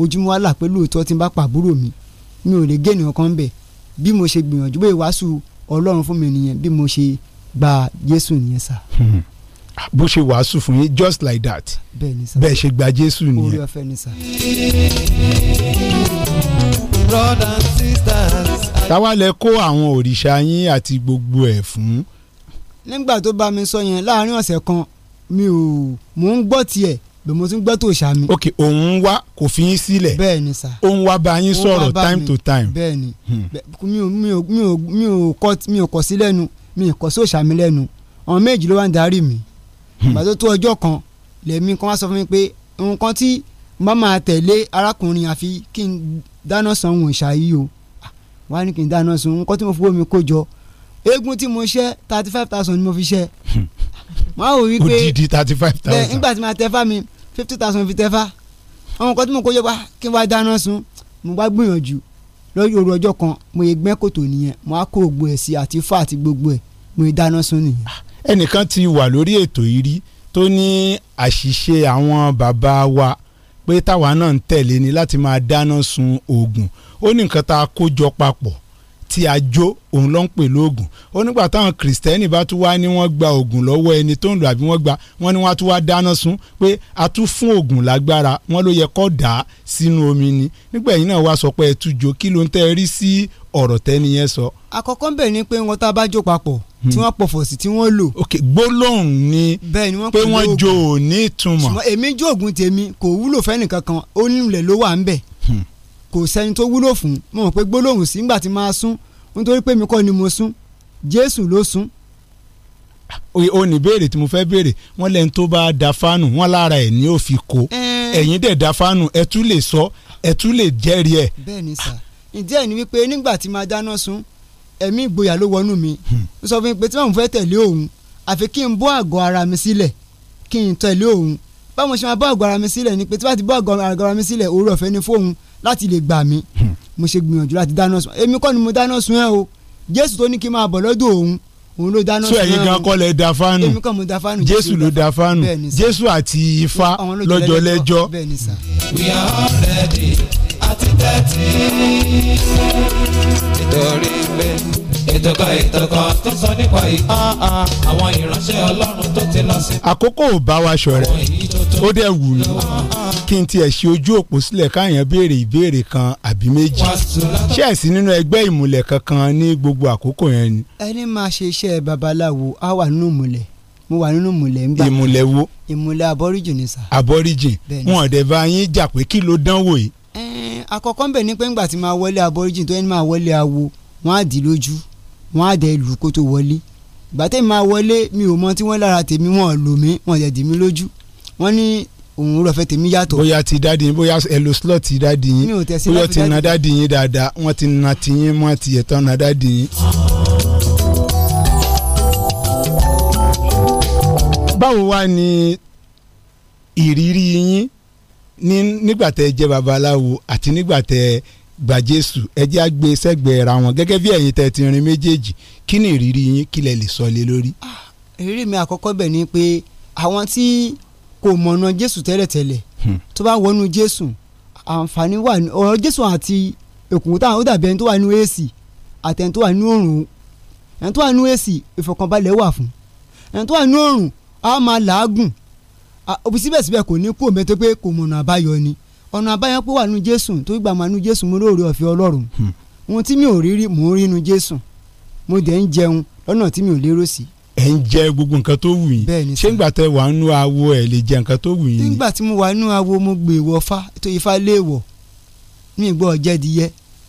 ojú mi là pé lóòótọ́ tí bá pàbúrò mi mi ò lè géènì ọkàn bẹ̀ bí mo ṣe gbìyànjú bóyá wàásù ọlọ́run fún mi nìyẹn bí mo ṣe gba jésù nìyẹn sà. Hmm. bó ṣe wàásù fún yín just like that bẹ́ẹ̀ ṣe gba jésù nìyẹn. orí ọ̀fẹ́ ni sà. brothers and sisters. táwa lẹ kó àwọn òrìṣà yín àti gbogbo ẹ̀ fún. nígbà tó bá mi sọ yẹn láàárín ọ̀sẹ̀ kan mi ò mò ń gbọ́ tiẹ̀ bẹ́ẹ̀ mo ti ń gbọ́ tó ṣá mi. ok òun wá kò fi yín sílẹ̀ bẹ́ẹ̀ ni sà òun wá bá yín sọ̀rọ̀ time to time. bẹ́ẹ̀ ni hmm. mi ò mi ò mi ò mi ò kọ mi sí lẹ́nu mi ò kọ sí òṣà mi lẹ́nu àwọn méjì ló wá ń darí mi. Hmm. ìgbà tó ọjọ́ kan lẹ́mí kan wá sọ fún mi pé nǹkan tí má máa tẹ̀lé arákùnrin àfi kí n dáná san òun ìṣá yìí o ah, wá ní kí n dáná sun nǹkan tí mo fowó mi kó jọ eégún tí mo ṣẹ́ thirty five thousand ni mo fi ṣẹ́ máa hmm. wò wí pé odidi thirty five thousand nígbà tí máa tẹ fá mi fifty thousand fi tẹ́fà àwọn nǹkan tí mo kó yẹ wá kí n wá dáná sun mo wá gbìyànjú lọ́jọ́ òru ọjọ́ kan mo yẹ gbẹ́ kòtò nìyẹn mo á kó gbogbo ẹ̀ sí àti fà àti gbogbo ẹ̀ mo yẹ dáná sun nìyẹn. Ah, ẹnìkan ti wà lórí ètò yìí rí tó ní àṣìṣe àwọn bàbá wa pé táwa náà ń tẹ̀lé ni láti máa dáná sun oògùn ó ní nǹkan tá a kó jọ papọ̀ tí a jó òun ló ń pè lóògùn ó nígbà táwọn kìrìsìtẹ́nì bá tún wá ní wọ́n gba òògùn lọ́wọ́ ẹni tó ń lò àbí wọ́n gba wọ́n ní wọ́n tún wá dáná sun pé a tún fún òògùn lágbára wọ́n ló yẹ kọ́ dà á sínú omi ni nígbà yìí náà wá sọ pé ẹ tún jó kí ló ń tẹ́ rí sí ọ̀rọ̀ tẹ́ni yẹn sọ. àkọ́kọ́ bẹ̀ ni pé wọ́n tá a bá jó papọ̀ hmm. tí wọ́n pọ̀fọ̀ sí tí wọ́n lò. ok gbólóhùn ni pé wọ́n jó ò ní ìtumọ̀. èmi jó òògùn tèmi kò wúlò fẹ́nìkankan ó nílẹ̀ ló wà ń bẹ̀. Hmm kò sẹ́ni tó wúlò fún mo mọ̀ pé gbólóhùn sí nígbà tí máa sún nítorí pé mi kọ́ ni mo sún Jésù ló sún. o ní béèrè tí mo fẹ́ béèrè wọ́n lẹ́ni tó bá da fánù wọ́n lára ẹ̀ ní ó fi kó ẹ̀yin dẹ̀ da fánù ẹ̀ tún lè sọ ẹ̀ tún lè jẹ́rìí ẹ̀. bẹ́ẹ̀ni sà ìdí ẹ̀ ni wípé nígbà tí máa dáná sun ẹ̀mí ìgboyà ló wọnú mi ó hmm. sọ fún mi pé tí màmú fẹ́ tẹ̀lé òun àfi kí n bọ́ àgọ́ ara mi sílẹ̀ kí n tẹ̀lé òun báwo ṣe máa bọ́ àgọ́ ara mi sílẹ̀ ni pé tí bá ti bọ́ àgọ́ ara mi sílẹ̀ òwúrọ̀ fẹ́ ni fóun láti lè gbà mí hmm. mo ṣe gbìyànjú láti dáná sun èmi kọ́ ni mo dáná sun ẹ́ o jésù tó ní kí n máa bọ̀ lọ́dọ̀ òun òun ló dáná sun ẹ́ o. sọ ẹ̀yin gan kọ́ lẹ da fánù èmi kọ́ mo da fánù jésù ló da fánù jésù àti ifá lọ́jọ́ lẹ́jọ́. we are all ready àti tẹ́tí nítorí pé ètò kan ètò kan tó sọ nípa ìhà àwọn ìránṣẹ́ ọlọ́run tó ti lọ sí. àkókò ò bá wa ṣọ̀rẹ́ ó dẹ̀ wù mí kí n tiẹ̀ ṣe ojú òpó sílẹ̀ káyàn béèrè ìbéèrè kan àbí méjì ṣé ẹ̀ sí nínú ẹgbẹ́ ìmùlẹ̀ kankan ní gbogbo àkókò yẹn ni. ẹni máa ṣe iṣẹ́ babaláwo á wà nínú ìmùlẹ̀ mo wà nínú ìmùlẹ̀ ń gbà. ìmùlẹ̀ wo. ìmùlẹ̀ aborigin ni sà. aborigin wọn ò bá yín jà pé kí ló dánwò yìí. àkọ́kọ́ ń bẹ̀ ni pé ńgbà tí máa wọlé aborigin tó yẹn máa wọlé awo wọn á dì lójú wọ́n á dẹ̀ lù kó tó wọlé ìgbà tẹ́mi máa wọlé mi ò mọ tí wọ́n lára tèmi wọ́n lù mí wọ́n dẹ̀ dì mí lójú wọ́n ní òun rọ̀ fẹ́ tèmi yàtọ̀. bóyá ti dáàdi yín bóyá ẹlò slot ti dáàdi yín bóyá ti na dáàdi yín dáadáa wọ́n ti na tiyín mọ́ ti ẹ̀tọ́ na dáàdi yín. báwo wá ni ìrírí yín nígbà tẹ́ jẹ́ babaláwo àti nígbà tẹ́ gba jésù ẹjẹ́ àgbẹ̀ sẹ́gbẹ̀ẹ́ ra wọn gẹ́gẹ́ bí ẹ̀yin tẹ́ méjèèjì kí ni ìrírí yín kí lẹ lè sọ lé lórí. Ah, ìrírí mi àkọ́kọ́ bẹ̀ ni pé àwọn tí kò mọ̀nà jésù tẹ́lẹ̀tẹ́lẹ̀ hmm. tó bá wọnú jésù àǹfààní wà ọ̀rọ̀ jésù àti òkùnkùn táwọn ó dàbí ẹni tó wà nínú èsì àti ẹni tó wà nínú òrùn ẹni tó wà nínú èsì ìfọ̀kànbalẹ̀ wà fún ẹni tó wà nínú òrùn á máa làágùn síbẹ̀síbẹ̀ kò ní kú òmẹ́tẹ́ pé kò mọ̀nà àbáyọ ni ọ̀nà àbáyọ pé wà nù jésù tó gbà máa nù jésù mo lóore ọ̀fẹ́ ọlọ́run hmm. ohun tí mi ò rí rí mò ń rí nu jésù mo dẹ̀ ń jẹun lọ́nà tí mi ò lérò sí. ẹ ń jẹ gbogbo nǹkan tó wù yín ṣé ńgbà tẹ wà nù awo ẹ lè jẹ nǹkan tó wù yín. nígbà tí mo wà nù awo mo gbé ìwọ e fa tó ifá léèwọ̀ mi gbọ́ jẹ́diyẹ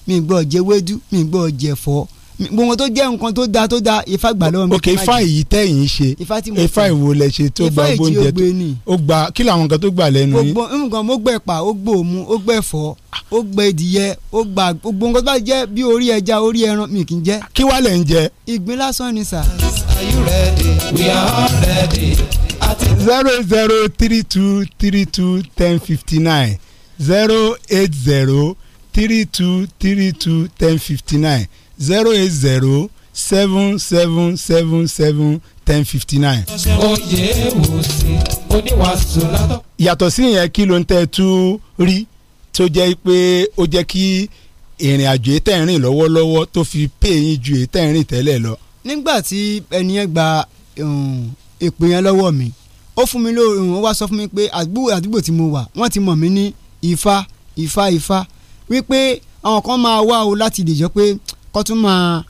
mi gbọ́ jẹ́wédú mi gbọ́ jẹ́fọ́ gbogbo tó jẹ́ nǹkan tó da tó da ifá gbà lọ́wọ́ mi. ok ifá yìí tẹ̀yìn ṣe ifá ìwo lẹ ṣe tó gba gbóúnjẹ tó ó gba kí làwọn nǹkan tó gbà lẹ́nu yín. gbogbo nǹkan mo gbẹ pa ó gbọ òmu ó gbẹ fọ ó gbẹ ìdìyẹ ó gba gbogbo nǹkan tó bá jẹ́ bí orí ẹja orí ẹran mi kì í jẹ. kí wàá lẹ̀ ń jẹ. ìgbín lásán ni sà. are you ready? we are all ready. zero zero three two three two ten fifty nine zero eight zero three two three two ten fifty nine zero eight zero seven seven seven seven ten fifty nine. oye wò sí oníwàásù látọ̀. yàtọ̀ sí ìyẹn kí ló ń tẹ́ tú rí tó jẹ́ pé ó jẹ́ kí ìrìn àjò ètẹ̀ ìrìn lọ́wọ́lọ́wọ́ tó fi pè yín ju ètẹ̀ ìrìn tẹ́lẹ̀ lọ. nígbà tí ẹni yẹn gba èpè um, yẹn lọ́wọ́ mi ó fún mi lóòrùn ó wá sọ fún mi pé àdúgbò tí mo wà wọ́n ti mọ̀ mí ní ifá ifá ifá wípé àwọn kan máa wá o láti dìjọ́ pé kó tún máa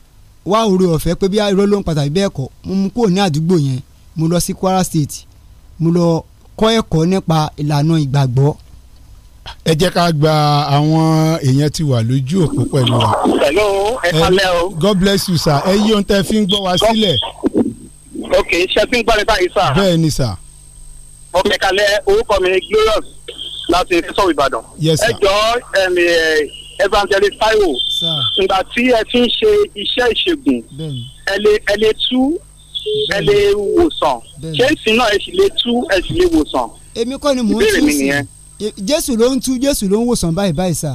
wá òru ọ̀fẹ́ pé bí irọ́ ló ń pàtàkì bẹ́ẹ̀ kọ́ mo mú kúrò ní àdúgbò yẹn mo lọ sí Kwara State mo lọ kọ́ ẹ̀kọ́ nípa ìlànà ìgbàgbọ́. ẹ jẹ́ ká gba àwọn èèyàn tí wà lójú òpó pẹ̀lú wa. hello ẹ kalẹ́ o. God bless you sir ẹ yí ohun tẹ́ fi ń gbọ́ wa sílẹ̀. ok ṣe fi ń gbọ́ mi báyìí sir. bẹ́ẹ̀ ni sir. mo kẹ́kalẹ́ orúkọ mi glorious láti sọ̀rọ̀ Ìbàdàn. yes sir. ẹ jọ ẹ̀mí ẹ̀ evangelist taiwo ìgbà tí ẹ ti ń ṣe iṣẹ́ ìṣègùn ẹ lè tú ẹ lè wòsàn jésù náà ẹ sì lè tú ẹ sì lè wòsàn èmi kọ́ ni mò ń tú sí jésù ló ń tú jésù ló ń wòsàn báyìí báyìí sà.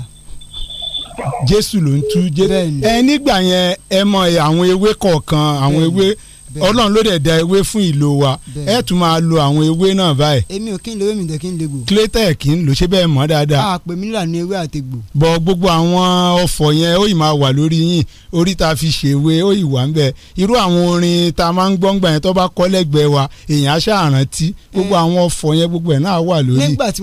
jésù ló ń tú jésù ẹ nígbà yẹn ẹ mọ àwọn ewé kọ̀ọ̀kan àwọn ewé. Bẹ́ẹ̀ni ọlọ́run ló dẹ̀ da ewé fún ìlò wa ẹ tún máa lo àwọn ewé náà báyìí. èmi ò kí n lo ewé mi dẹ̀ kí n lè gbò. claytech kì í lò ṣé bẹ́ẹ̀ mọ́ dáadáa. a pè mí là ní ewé àti gbò. bọ gbogbo àwọn ọ̀fọ̀ yẹn ó yìí máa wà lórí yín orí ta fi ṣèwé ó yìí wà ń bẹ irú àwọn orin ta máa ń gbọ́ngbà yẹn tó bá kọ́ lẹ́gbẹ̀ẹ́ wa èèyàn aṣá àrántí gbogbo eh. àwọn ọ̀fọ̀ yẹn gbogbo ẹ̀ náà wà lórí. nígbà tí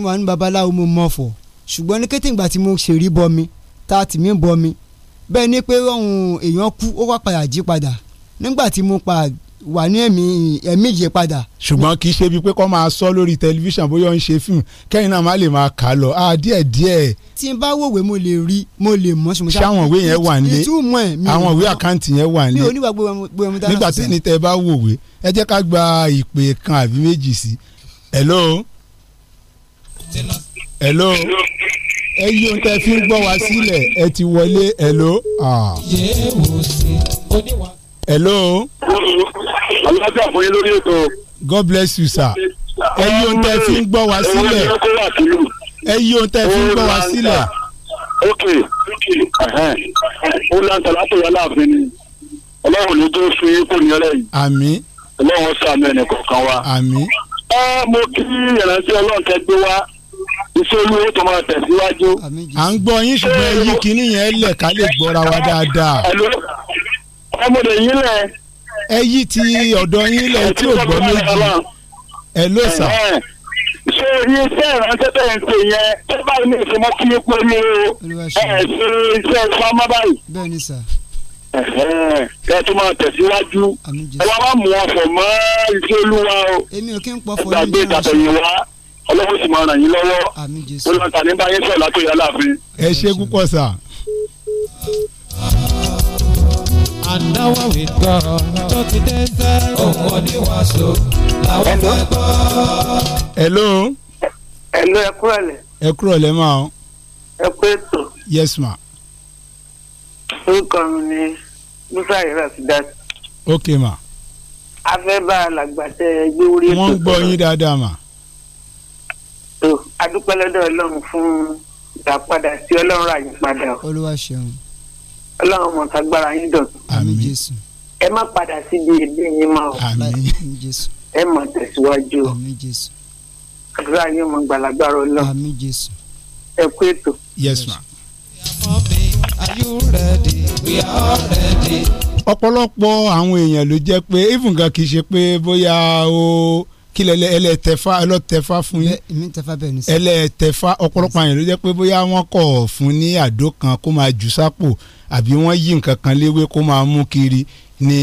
mo wà nígbà tí mo pa wà ní ẹ̀mí ẹ̀mí yìí padà. ṣùgbọ́n kì í ṣe bíi pé kọ́ máa sọ lórí tẹlifíṣàn bóyá ń ṣe fíìmù kẹ́yìn náà má lè máa kà á lọ á díẹ̀ díẹ̀. tí n bá wòwe mo lè rí mo lè mọ̀ ṣùgbọ́n ṣé àwọn ìwé yẹn wà nílé àwọn ìwé àkáǹtì yẹn wà nílé mi ò nígbà gbogbo ẹmu dáná. nígbà tí ẹni tẹ bá wòwe ẹ jẹ́ ká gba ìpè kan àbí méjì sí. hello hello ohun tẹ fi ń gbọ́ wa sílẹ̀ ẹ ti wọlé hello. yéèwò sí oníwà hello. alájà fún yín lórí ètò. god bless you sir. ẹ yí ohun tẹ́ fi ń gbọ́ wá sílẹ̀. ẹ yí ohun tẹ́ fi ń gbọ́ wá sílẹ̀. ok ó lantà látòrí aláàfin ni ọlọ́run ló tó fi kò ní ọlẹ́yìn. àmín. ọlọ́run ṣàánú ẹnì kọ̀ọ̀kan wa. àmín. ẹ mo kí ìrántí ọlọ́run tẹ́ gbé wá iṣẹ́ olówó tó máa tẹ̀síwájú. à ń gbọ́ yín ṣùgbọ́n ẹyí kìíní yẹn lẹ̀ ká lè gbọ́ra wa dáadáa ọmọdé yín lẹ̀. ẹ yí ti ọ̀dọ̀ yín lẹ̀ tí ò gbọ́ méjì ẹ ló sà. ṣé orí iṣẹ́ ìránṣẹ́ tẹ̀ ń pè yẹn tó bá ní ìfimọ́ kí yín pẹ̀lú ẹ̀ ṣe iṣẹ́ ìfọ́nmọ́ báyìí. bẹ́ẹ̀ ni sà kẹ́ ẹ tó máa tẹ̀síwájú ẹ wá wá mú ọ̀fọ̀ mọ́ iṣẹ́ olúwa o ẹ gbàgbé ìtàtẹ̀yìn wá ọlọ́run sì máa ràn yín lọ́wọ́ olùkọ́ta ní báyìí sọ̀rọ̀ látòyà láàfin. ẹ ṣe púpọ̀ sà àdáwọ̀ with tó ti dé sẹ́. òun oníwàásù làwọn fẹ́ gbọ́. hello. hello ẹ kúrò lẹ. ẹ kúrò lẹ máa o. ẹ kú ètò. yes ma. orúkọ mi ni musa yẹra ti dá. ok ma. a fẹ́ bá a làgbà tẹ ẹgbẹ́ orí ètò. wọ́n ń gbọ́ yín dáadáa ma. tó ọlọ́run fún ìdápadà sí ọlọ́run àyípadà. olúwa ṣeun ọlọ́run mọ̀ sagbára yín dùn. àmín ẹ má padà síbi ìbí yín mọ́ o. àmín ẹ mọ̀ tẹ̀síwájú o. àdúrà yín mọ̀ gbàlagbára ọlọ́run. àmín ẹ kú ètò. yes ma. Are you ready? We are ready. ọ̀pọ̀lọpọ̀ àwọn èèyàn ló jẹ́ pé even gan kì í ṣe pé bóyá o. Oh, kílẹ̀ ẹlẹ́tẹ̀fà ẹlọ́tẹ̀fà fún yín ẹlẹ́tẹ̀fà ọ̀pọ̀lọpọ̀ àyàn ló jẹ́ pé bóyá wọ́n kọ̀ fún ní àdó kan kó máa jù sápò àbí wọ́n yí nǹkan kan léwé kó máa mú kiri ni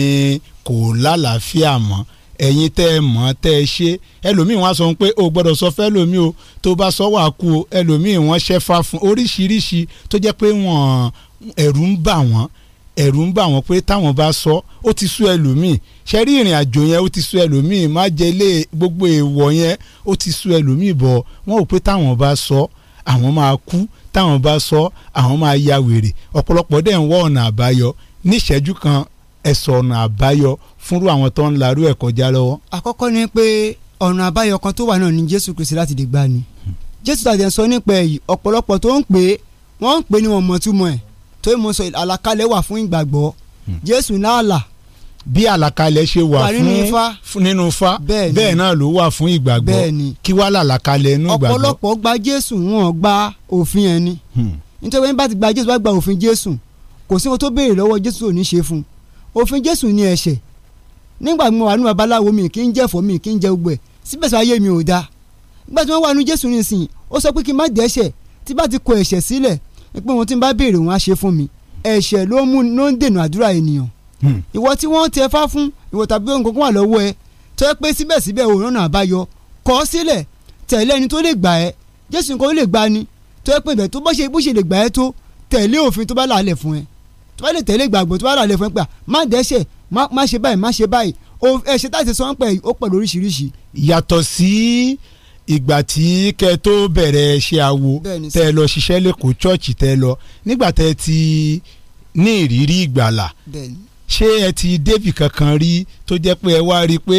kò lálàáfíà mọ́ ẹ̀yin tẹ́ ẹ mọ̀ tẹ́ ẹ ṣe ẹlòmíì wọ́n á sọ pé o gbọ́dọ̀ sọ fẹ́ lòmíì o tó bá sọ wà kú o ẹlòmíì wọ́n ṣẹ́fà fún oríṣiríṣi tó jẹ́ pé wọ́n ẹ̀rù ń bà wọ́n ẹ̀rù ń bà wọ́n pé táwọn bá sọ ó ti sú ẹlòmíì ṣe rí ìrìn àjò yẹn ó ti sú ẹlòmíì má jẹ ilé gbogbo èèwọ̀ yẹn ó ti sú ẹlòmíì bọ̀ wọ́n ò pé táwọn bá sọ àwọn máa kú táwọn bá sọ àwọn máa ya wèrè ọ̀pọ̀lọpọ̀ dẹ̀ ń wá ọ̀nà àbáyọ níṣẹ́jú kan ẹ̀sọ̀ ọ̀nà àbáyọ fúnrú àwọn tó ń larú ẹ̀ kọjá lọ́wọ́. àkọ́kọ́ ni pé ọ̀nà àbáyọ kan tó wà náà ni Jésù Kristi láti dìgbà ni hmm. Jésù tàbí ẹ̀ sọ nípa ẹ̀yìn ọ̀pọ̀lọpọ̀ tó ń pè é wọ́n ń pè é ní wọn mọ̀túmọ̀ ẹ̀ tó èmo sọ àlàkalẹ̀ wà fún ìgbàgbọ́ hmm. jésù náà là bí àlàkalẹ̀ ṣe wà fún nínú ifá bẹ́ẹ̀ náà ló wà fún ìgbàgbọ́ kí wá làlàkalẹ̀ inú ìgbàgbọ́. ọ̀pọ̀lọpọ̀ gba jésù wọn gba òfin ẹni hmm. nítorí bá ti gba jésù bá gba òfin jésù kò sí ohun tó béèrè lọ́wọ́ jésù ò ní ṣe fún òfin jésù ni ẹ̀ṣẹ̀ nígbà mi wà nínú babaláwo mi kì í jẹ́ ẹ̀fọ́ mi kì í jẹ́ gbogbo ẹ̀ síbẹ̀sẹ̀ ayé mi ò dáa nígbà tí wọ́n wà nínú jésù nìsín ó sọ pé kí n má dẹ́ṣẹ̀ tí bá ti kọ ẹ̀ṣẹ̀ sílẹ̀ pé ohun tí n bá béèrè òun á ṣe fún mi ẹ̀ṣẹ̀ ló mú ló ń dènà àdúrà ènìyàn hmm. ìwọ tí wọ́n tẹ fá fún ìwọ tàbí ohun kankan wà lọ́wọ́ ẹ tó yẹ pé síbẹ̀síbẹ̀ òórùn àbáyọ kọ sílẹ̀ tẹ̀lé ẹni tó lè gbà ẹ́ jésù nǹkan ó lè gbà ni tó yẹ pé ibẹ̀ tó bó ṣe bó ṣe lè gbà ẹ́ tó tẹ̀lé òfin tó bá làálẹ̀ fún ẹ tó bá lè tẹ̀lé ìgbàgbọ́ tó bá làálẹ̀ fún ẹ pé má dẹ́ṣẹ̀ má ṣe báyìí má ṣe báyìí ẹ̀ṣẹ̀ táì ṣe sọ́ńpẹ̀ ó pọ̀ lóríṣiríṣi. yàtọ̀ sí ìgbà tí kẹ tó bẹ̀rẹ̀ ṣe àwo tẹ lọ ṣiṣẹ́ lẹ́kọ̀ọ́ chọ́ọ̀chì tẹ lọ nígbà tẹ ti ní ìrírí ìgbàlà ṣé ẹ ti débì kankan rí tó jẹ́ pé ẹ wá rí i pé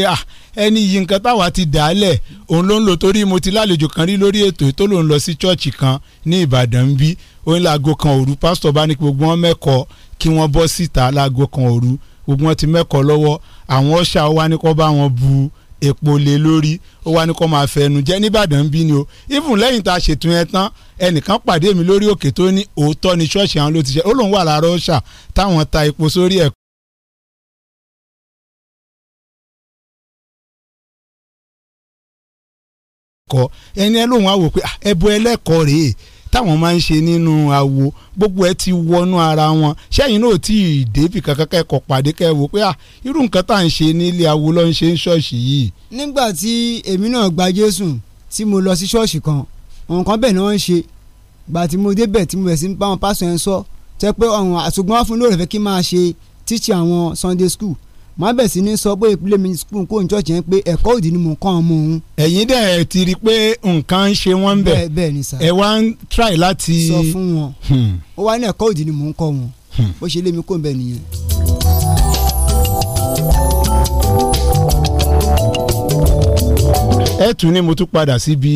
ẹni yìí nǹkan táwa ti dà á lẹ̀ òun ló ń lò torí mo ti lálejò kan rí lórí ètò tó lòun lọ sí chọ́ọ̀chì kan ní Ìbàdàn ń bí òun láago kan òru pásítọ̀ bá ní gbogbo wọn mẹ́kọ̀ọ́ kí wọ́n bọ́ síta láago kan òru gbogbo wọn ti mẹ́kọ̀ọ́ lọ́wọ́ àwọn ọ̀ṣà wa ní kó bá wọn bu epo lé lórí ó wá ní kó máa fẹnu jẹ nìbàdàn bí ni o even lẹ́yìn tá a ṣètò yẹn tán ẹnìkan pàdé mi lórí òkè tó ní òótọ́ ni ṣọ́ọ̀ṣì àwọn ló ti ṣe ó lóun wà lára ọ̀ṣà táwọn ta epo sórí ẹ̀. ẹni ẹ lóun á wò pé ẹbọ ẹlẹ́kọ̀ọ́ rèé táwọn máa ń ṣe nínú awo gbogbo ẹ ti wọnú ara wọn sẹ́yìn náà tí ìdèbì kankan kẹ́kọ̀ọ́ pàdé kẹ́wò pé à irú nǹkan tá à ń ṣe nílé awo ló ń ṣe ń ṣọ́ọ̀ṣì yìí. nígbà tí èmi náà gba Jésù tí mo lọ sí ṣọ́ọ̀ṣì kan nǹkan bẹ́ẹ̀ ni wọ́n ń ṣe gbà tí mo débẹ̀ tí mo bẹ̀ sí bá wọn pásọ yẹn sọ tẹ́ pé ọ̀hún àṣùgbọ́n fún lóòrè fẹ́ kí máa ṣe tíṣì àwọn Sunday school má bẹ̀ sọ pé ìpínlẹ̀ mi kò ń kó pé ẹ̀kọ́ òdì ni mò ń kọ́ ọmọ òun. ẹ̀yin dẹ̀ ti rí i pé nǹkan ń ṣe wọ́n bẹ̀ ni sà ẹ̀ wá ń try láti. sọ fún wọn hmm. ó wá ní ẹ̀kọ́ òdì ni mò ń kọ́ wọn hmm. bó ṣe lé mi kó ń bẹ̀ nìyẹn. ẹ tún ní mo tún padà síbi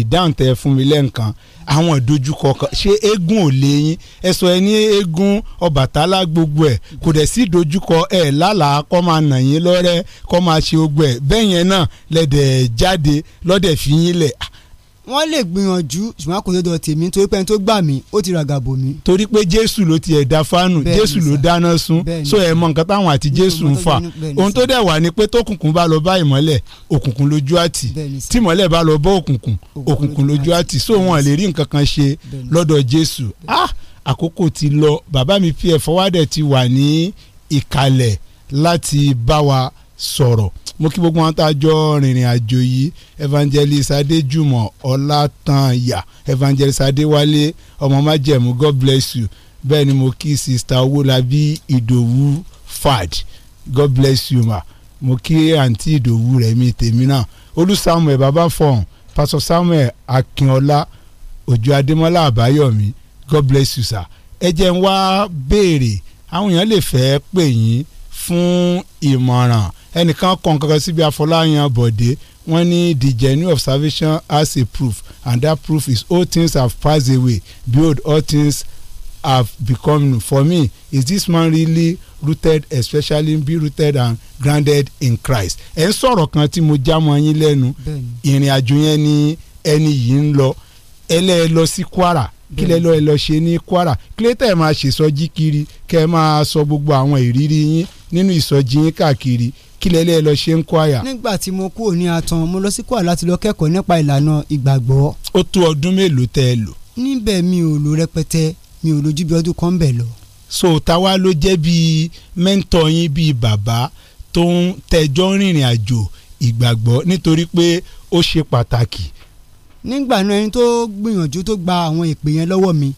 ìdáǹtẹ fún mi lẹ́ǹkan àwọn ìdojúkọ kan ṣé eégún ò lè yín ẹ sọ ẹ ní eégún Ọbàtálá gbogbo ẹ kò dẹ̀ sí ìdojúkọ ẹ lálàá kọ́ máa nà yín lọ́rẹ́ kọ́ máa ṣe gbogbo ẹ bẹ́ẹ̀ yẹn náà lẹ́dẹ̀ jáde lọ́dẹ̀ fi yín lẹ̀ ah wọ́n lè gbìyànjú ṣùgbọ́n kò dọ̀dọ̀ tèmi torí pé ẹni tó gbà mí ó ti ràgà bò mí. torí pé jésù ló tiẹ̀ da fánù jésù ló dáná sun so ẹ̀ mọ nǹkan táwọn àti jésù ń fà ohun tó dẹ̀ wà ni pé tókùnkùn bá lọ bá ìmọ́lẹ̀ òkùnkùn lójú àtì tìmọ́lẹ̀ bá lọ bá òkùnkùn òkùnkùn lójú àtì so wọn lè rí nǹkan kan ṣe lọ́dọ̀ jésù ah àkókò ti lọ bàbá mi pf fọwádẹ ti wà ní ìkàlẹ̀ láti bá wa sọ̀rọ̀ mo kí gbogbo wọn tá a jọ rìnrìn àjò yìí evangelist adéjùmọ̀ ọlátànyà evangelist adéwálé ọmọ májẹ̀mú god bless you bẹ́ẹ̀ ni mo kí sista owólabí ìdòwú fad god bless you ma mo kí àǹtí ìdòwú rẹ̀ mi tèmi náà olú samuel bàbá fọ̀hún pastor samuel akínọlá òjò adémọ́lá àbáyọ̀mí god bless you sa. ẹ jẹ́ ń wá béèrè àwọn èèyàn lè fẹ́ pè yín fún ìmọ̀ràn ẹnìkan kàn kankan síbi Afọláyan Bọ̀dé wọ́n ní the genuine observation has a proof and that proof is all things have passed away behold all things have become new for me is this man really rooted especially be rooted and grounded in Christ ẹ ń sọ̀rọ̀ kan tí mo já mọ́ yín lẹ́nu ìrìn àjò yẹn ni ẹni yìí ń lọ ẹ lẹ́ lọ sí Kwara kí lẹ ẹ lọ ṣe ní Kwara kí lẹ máa ṣèsọjí kiri kẹ máa sọ gbogbo àwọn ìrírí yín nínú ìsọjí yín káàkiri kílẹ̀ ilé ẹ lọ ṣe ń kwaya. nígbà tí mo kúrò ní atan mo lọ sí kwara láti lọ kẹ́kọ̀ọ́ nípa ìlànà ìgbàgbọ́. ó tó ọdún mélòó tẹ ẹ lò. níbẹ̀ mi ò lò rẹpẹtẹ mi ò lójú bí ọdún kan bẹ̀ lọ. so táwa ló jẹ́ bíi mẹ́ńtọ̀ yín bíi bàbá tó ń tẹjọ́ rìnrìn àjò ìgbàgbọ́ nítorí pé ó ṣe pàtàkì. nígbà náà ẹni tó gbìyànjú tó gba àwọn ìpè yẹn lọ́wọ́ mi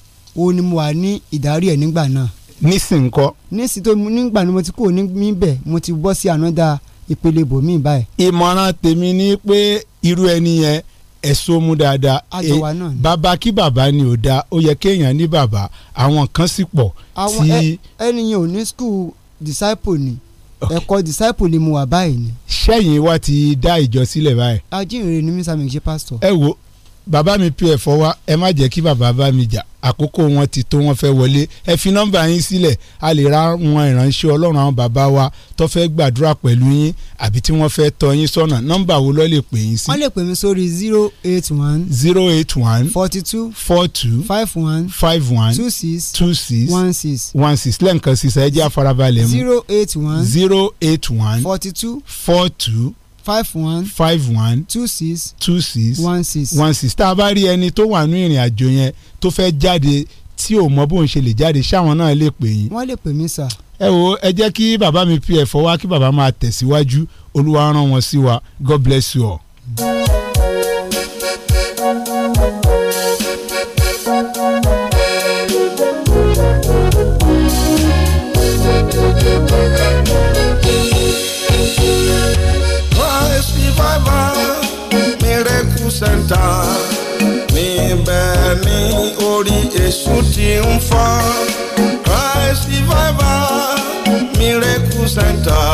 òun ni mo wà ní ìdarí ẹ̀ nígbà náà nísìn kọ́. nísìn tó nígbà ni mo ti kúrò níbẹ̀ mo ti bọ́ sí ànádà ìpele bòmíì báyìí. ìmọ̀ràn tèmi ni pé irú ẹni yẹn ẹ̀sùn mu dáadáa. àjọwà náà ni bàbá kí bàbá ni ò dáa ó yẹ kéèyàn ní bàbá àwọn kan sì pọ̀ tí. ẹni yẹn ò ní school disciple ni ẹ̀kọ́ disciple ni mo wà báyìí ni. sẹ́yìn wa ti dá ìjọ sílẹ̀ báyìí. ajínrere ni mísàmì ṣe pásítọ̀. ẹ wo bàbá mi pè ẹ̀fọ́ wá ẹ má jẹ́ kí bàbá bá mi jà àkókò wọn ti tó wọn fẹ́ wọlé ẹ fi nọ́mbà yín sílẹ̀ a lè ra wọn ìránṣẹ́ ọlọ́run àwọn bàbá wa tó fẹ́ gbàdúrà pẹ̀lú yín àbí tí wọ́n fẹ́ tọ́ yín sọ́nà nọ́mbà wo ló lè pè yín sí. wọ́n lè pè mí sórí zero eight one. zero eight one. forty two. four two. five one. five one. two six. two six. one six. one six lẹ́ǹkan sísan ẹ jẹ́ àfarabalẹ̀ mu. zero eight one. zero eight one. forty two. four two five one. five one. two six. two six. one six. one six tá a bá rí ẹni tó wà nínú ìrìn àjò yẹn tó fẹ́ jáde tí ò mọ bóun ṣe lè jáde ṣáwọn náà lè pè yín. wọ́n lè pè mí sà. ẹ wo ẹ jẹ́ kí bàbá mi pf wá kí bàbá máa tẹ̀síwájú olúwa rán wọn sí wa God bless you all. Mm -hmm. triomphant. Christ Miracle Center.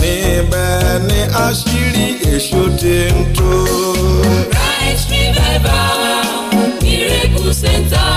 Níbẹ̀ ni àṣírí èso ti ń tú. Christ Revival, Miracle Center.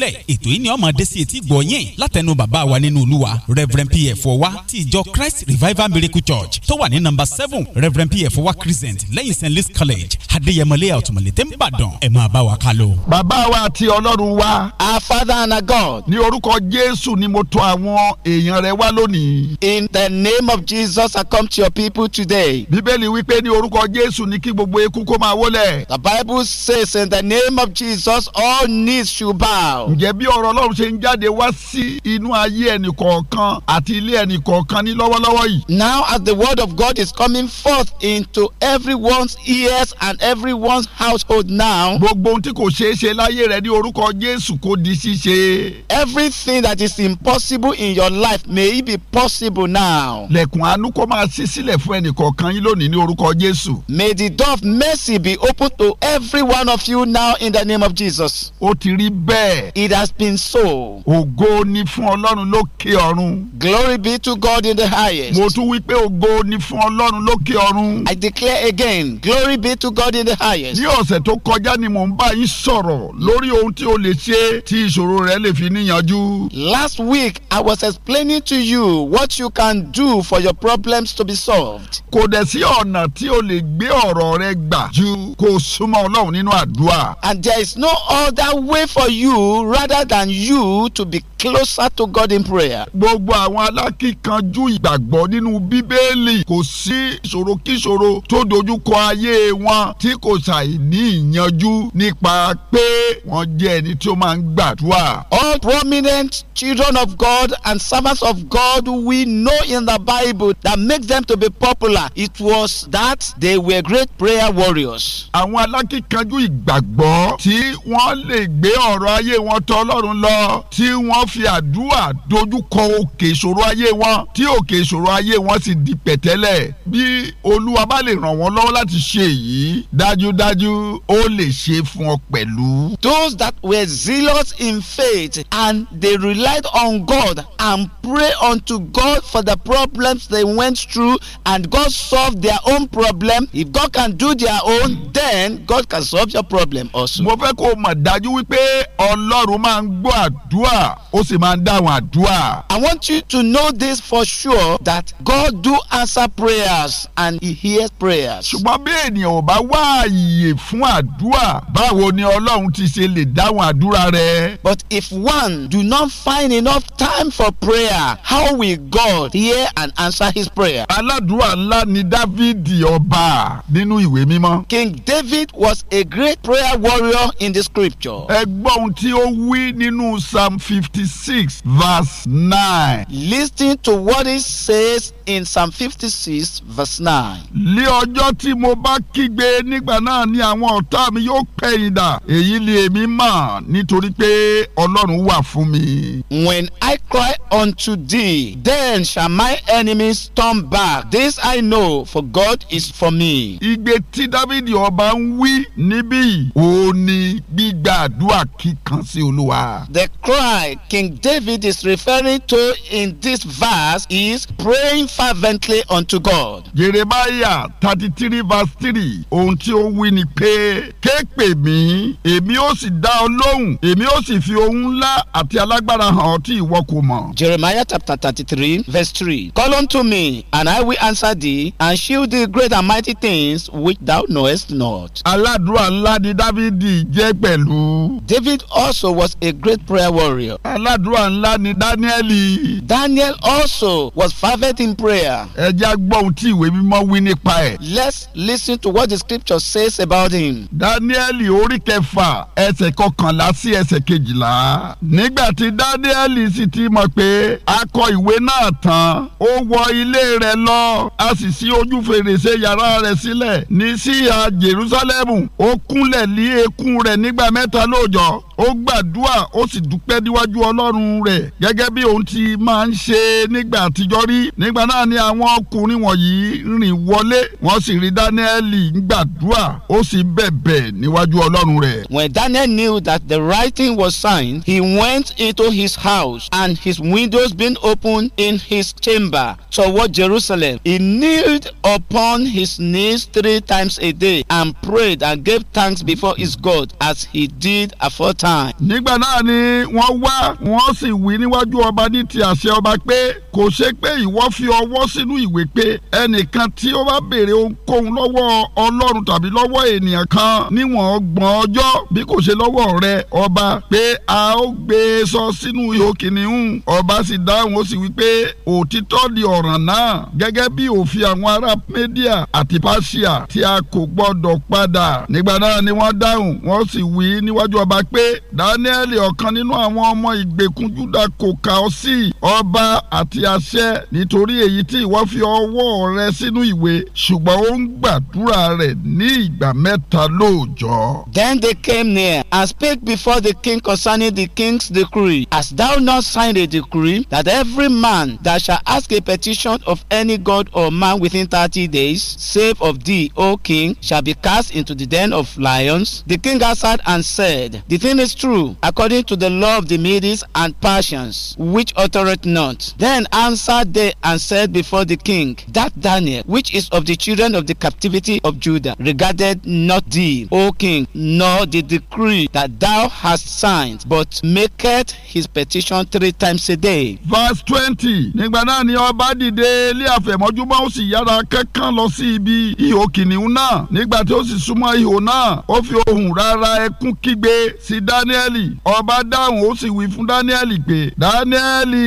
sílẹ̀ ètò yìí ni ó máa dé sí etí gbọ́ yín látẹnu bàbá wa nínú olúwa reverend pf ọwa ti ìjọ christ revival miracle church tó wà ní number seven reverend pf ọwa crescent lẹ́yìn st louis college adéyẹmọlẹ́ àtùmọ̀lẹ́ tẹ́ ń bàdàn ẹ̀ máa bá wa kálọ. bàbá wa àti ọlọ́run wa. our father and our god. ní orúkọ jésù ni mo tọ̀ àwọn èèyàn rẹ wá lónìí. in the name of jesus i come to your people today. bíbélì wípé ní orúkọ jésù ni kí gbogbo eku kó máa wólẹ̀. the bible says in the name of jesus all knees should bow ǹjẹ́ bí ọ̀rọ̀ ọlọ́run ṣe ń jáde wá sí inú ayé ẹnì kọ̀ọ̀kan àti ilé ẹnì kọ̀ọ̀kan ní lọ́wọ́lọ́wọ́ yìí. Now as the word of God is coming forth into everyone's ears and everyone's household now. Gbogbo ohun tí kò ṣeé ṣe láyé rẹ ní orúkọ Jésù kò di ṣíṣe. Everything that is impossible in your life may be possible now. Lẹ̀kùn àánú kó máa ṣí sílẹ̀ fún ẹnì kọ̀ọ̀kan yín lónìí ní orúkọ Jésù. May the door of mercy be open to every one of you now in the name of Jesus. Ó ti rí bẹ́ẹ̀. It has been so. Ògo ni fún Ọlọ́run lókè ọ̀run. Glory be to God in the highest. Mo tún wí pé ògo ni fún Ọlọ́run lókè ọ̀run. I declare again, glory be to God in the highest. Ní ọ̀sẹ̀ tó kọjá ni mò ń bá yín sọ̀rọ̀ lórí ohun tí o lè ṣe tí ìṣòro rẹ lè fi níyanjú. Last week I was explaining to you what you can do for your problems to be solved. Kò dẹ̀ sí ọ̀nà tí o lè gbé ọ̀rọ̀ rẹ gbà ju kó súnmọ́ Ọlọ́run nínú àdúrà. And there is no other way for you rather than you to be closer to God in prayer. gbogbo àwọn alákìkanjú ìgbàgbọ́ nínú bíbélì kò sí ìṣòro kíṣòro tó dojúkọ ayé wọn tí kò ṣàì ní ìyanjú nípa pé wọ́n jẹ́ ẹni tí ó máa ń gbàdúrà. all prominent children of God and servants of God we know in the Bible that makes them to be popular it was that they were great prayer warriors. àwọn alákìkanjú ìgbàgbọ́ tí wọ́n lè gbé ọ̀rọ̀ ayé wọn àwọn tọ́ ọlọ́run lọ tí wọ́n fi àdúrà dojúkọ òkè ìṣòro ayé wọn tí òkè ìṣòro ayé wọn sì di pẹ̀tẹ́lẹ̀ bí olúwa bá lè ràn wọ́n lọ́wọ́ láti ṣe èyí dájúdájú ó lè ṣe fún ọ pẹ̀lú. Those that were zealous in faith and they relied on God and prayed unto God for the problems they went through and God solved their own problem. If God can do their own, then God can solve your problem also. Mo fẹ́ kó o mọ̀ dájú wípé ọlọ́ ọlọ́run máa ń gbọ́ àdúrà ó sì máa ń dáhùn àdúrà. I want you to know this for sure that God do answer prayers and he hears prayers. ṣùgbọ́n bí ènìyàn ò bá wá àyè fún àdúrà báwo ni ọlọ́run ti ṣe lè dáhùn àdúrà rẹ. But if one do not find enough time for prayer how will God hear and answer his prayer. aládùúrà ńlá ni Dávidi ọba nínú ìwé mímọ́. King David was a great prayer warrior in the scripture. ẹ gbọ́ ohun tí ó wí nínú psalm fifty six verse nine. Listen to what it says in psalm fifty six verse nine. Ní ọjọ́ tí mo bá kígbe nígbà náà ni àwọn ọ̀tá mi yóò pẹ̀yìn dà èyí ni èmi mọ̀ nítorí pé Ọlọ́run wà fún mi. When I cry unto thee, then shall my enemies turn back. This I know, for God is for me. Igbe tí Dáfídì ọba ń wí níbí yìí, òun ni gbígbàdúrà kíkan sí sí olúwa. The cry King David is referring to in this verse is praying fervently unto God. Jeremiah thirty three verse three ohun tí ó wí ni pé ké pè mí èmi ó sì dá ọ lóhùn èmi ó sì fi ohun ńlá àti alágbára hàn ọ́ tí ìwọ kò mọ̀. Jeremiah chapter thirty three verse three Call unto me and I will answer thee and shew thee great and mighty things which thou knowest not. Aládùúrà ńlá ni Dáfídì jẹ́ pẹ̀lú. David also was a great prayer warrior. aládùúrà ńlá ni dáníẹ́lì. Daniel also was fervent in prayer. ẹ jẹ́ gbọ́ ohun tí ìwé mímọ́ wí nípa ẹ̀. let's listen to what the scripture says about him. dáníẹ́lì orí kẹfà ẹsẹ̀ kọkànlá sí ẹsẹ̀ kejìlá. nígbà tí dáníẹ́lì sì ti mọ̀ pé a kọ ìwé náà tán ó wọ ilé rẹ̀ lọ a sì ṣí ojú fèrèsé yàrá rẹ̀ sílẹ̀ ní síhà Jerúsálẹ́mù ó kúnlẹ̀ lé eékún rẹ̀ nígbà mẹ́ta lóòjọ́ ó gbàdúrà ó sì dúpẹ́ níwájú ọlọ́run rẹ̀ gẹ́gẹ́ bí òun ti máa ń ṣe nígbà àtijọ́ rí nígbà náà ni àwọn ọkùnrin wọ̀nyí rìn wọlé wọ́n sì rí dáníẹ́lì ń gbàdúrà ó sì bẹ̀bẹ̀ níwájú ọlọ́run rẹ̀. When Daniel knew that the writing was signed, he went into his house and his windows being opened in his chamber toward Jerusalem. He kneeled upon his knees three times a day and prayed and gave thanks before his God as he did aforetime. God. Ah. nígbà náà ni wọ́n wá wọ́n sì wí níwájú ọba ní ti àṣẹ ọba pé kò ṣe pé ìwọ fi ọwọ́ sínú ìwé pé ẹnìkan tí ó bá béèrè ohunkóhun lọ́wọ́ ọlọ́run tàbí lọ́wọ́ ènìyàn kan níwọ̀n ọgbọ̀n ọjọ́ bí kò ṣe lọ́wọ́ rẹ ọba pé a ó gbé e sọ sínú ihò kìnìún ọba sì dáhùn ó sì wí pé òtítọ́ di ọ̀ràn náà gẹ́gẹ́ bí òfin àwọn ará Media àti Persia tí a kò gbọ́dọ̀ padà nígbà náà ni wọ́n dáhùn wọ́n sì wí níwájú ọba pé Daniel ọ̀kan nínú àwọn ọmọ ìgbèkùn Júdà kò kà ọ́ sí ọba àti àṣẹ nítorí èyí tí ìwọ fi ọwọ́ rẹ sínú ìwé ṣùgbọ́n ó ń gbàdúrà rẹ̀ ní ìgbà mẹ́ta lóòjọ́. Then they came near and spake before the king concerning the king's decree. Hast thou not signed a decree that every man that shall ask a petition of any god or man within thirty days, save of thee, O king, shall be cast into the den of lions? The king answered and said, The thing is is true according to the law of the Medes and Persians, which uttereth not. Then answered they and said before the king, That Daniel, which is of the children of the captivity of Judah, regarded not thee, O king, nor the decree that thou hast signed, but maketh his petition three times a day. Verse twenty. Nígbà náà ni ọba dìde ilé àfẹ̀mọ́júmọ́ ó sì yára kankan lọ sí ibi ihò kìnìún náà. Nígbà tí ó sì súnmọ́ ihò náà, ó fi ohùn rárá ẹkún kígbe sí dáníẹ́lì ọba dáhùn ó sì wí fún dáníẹ́lì pé dáníẹ́lì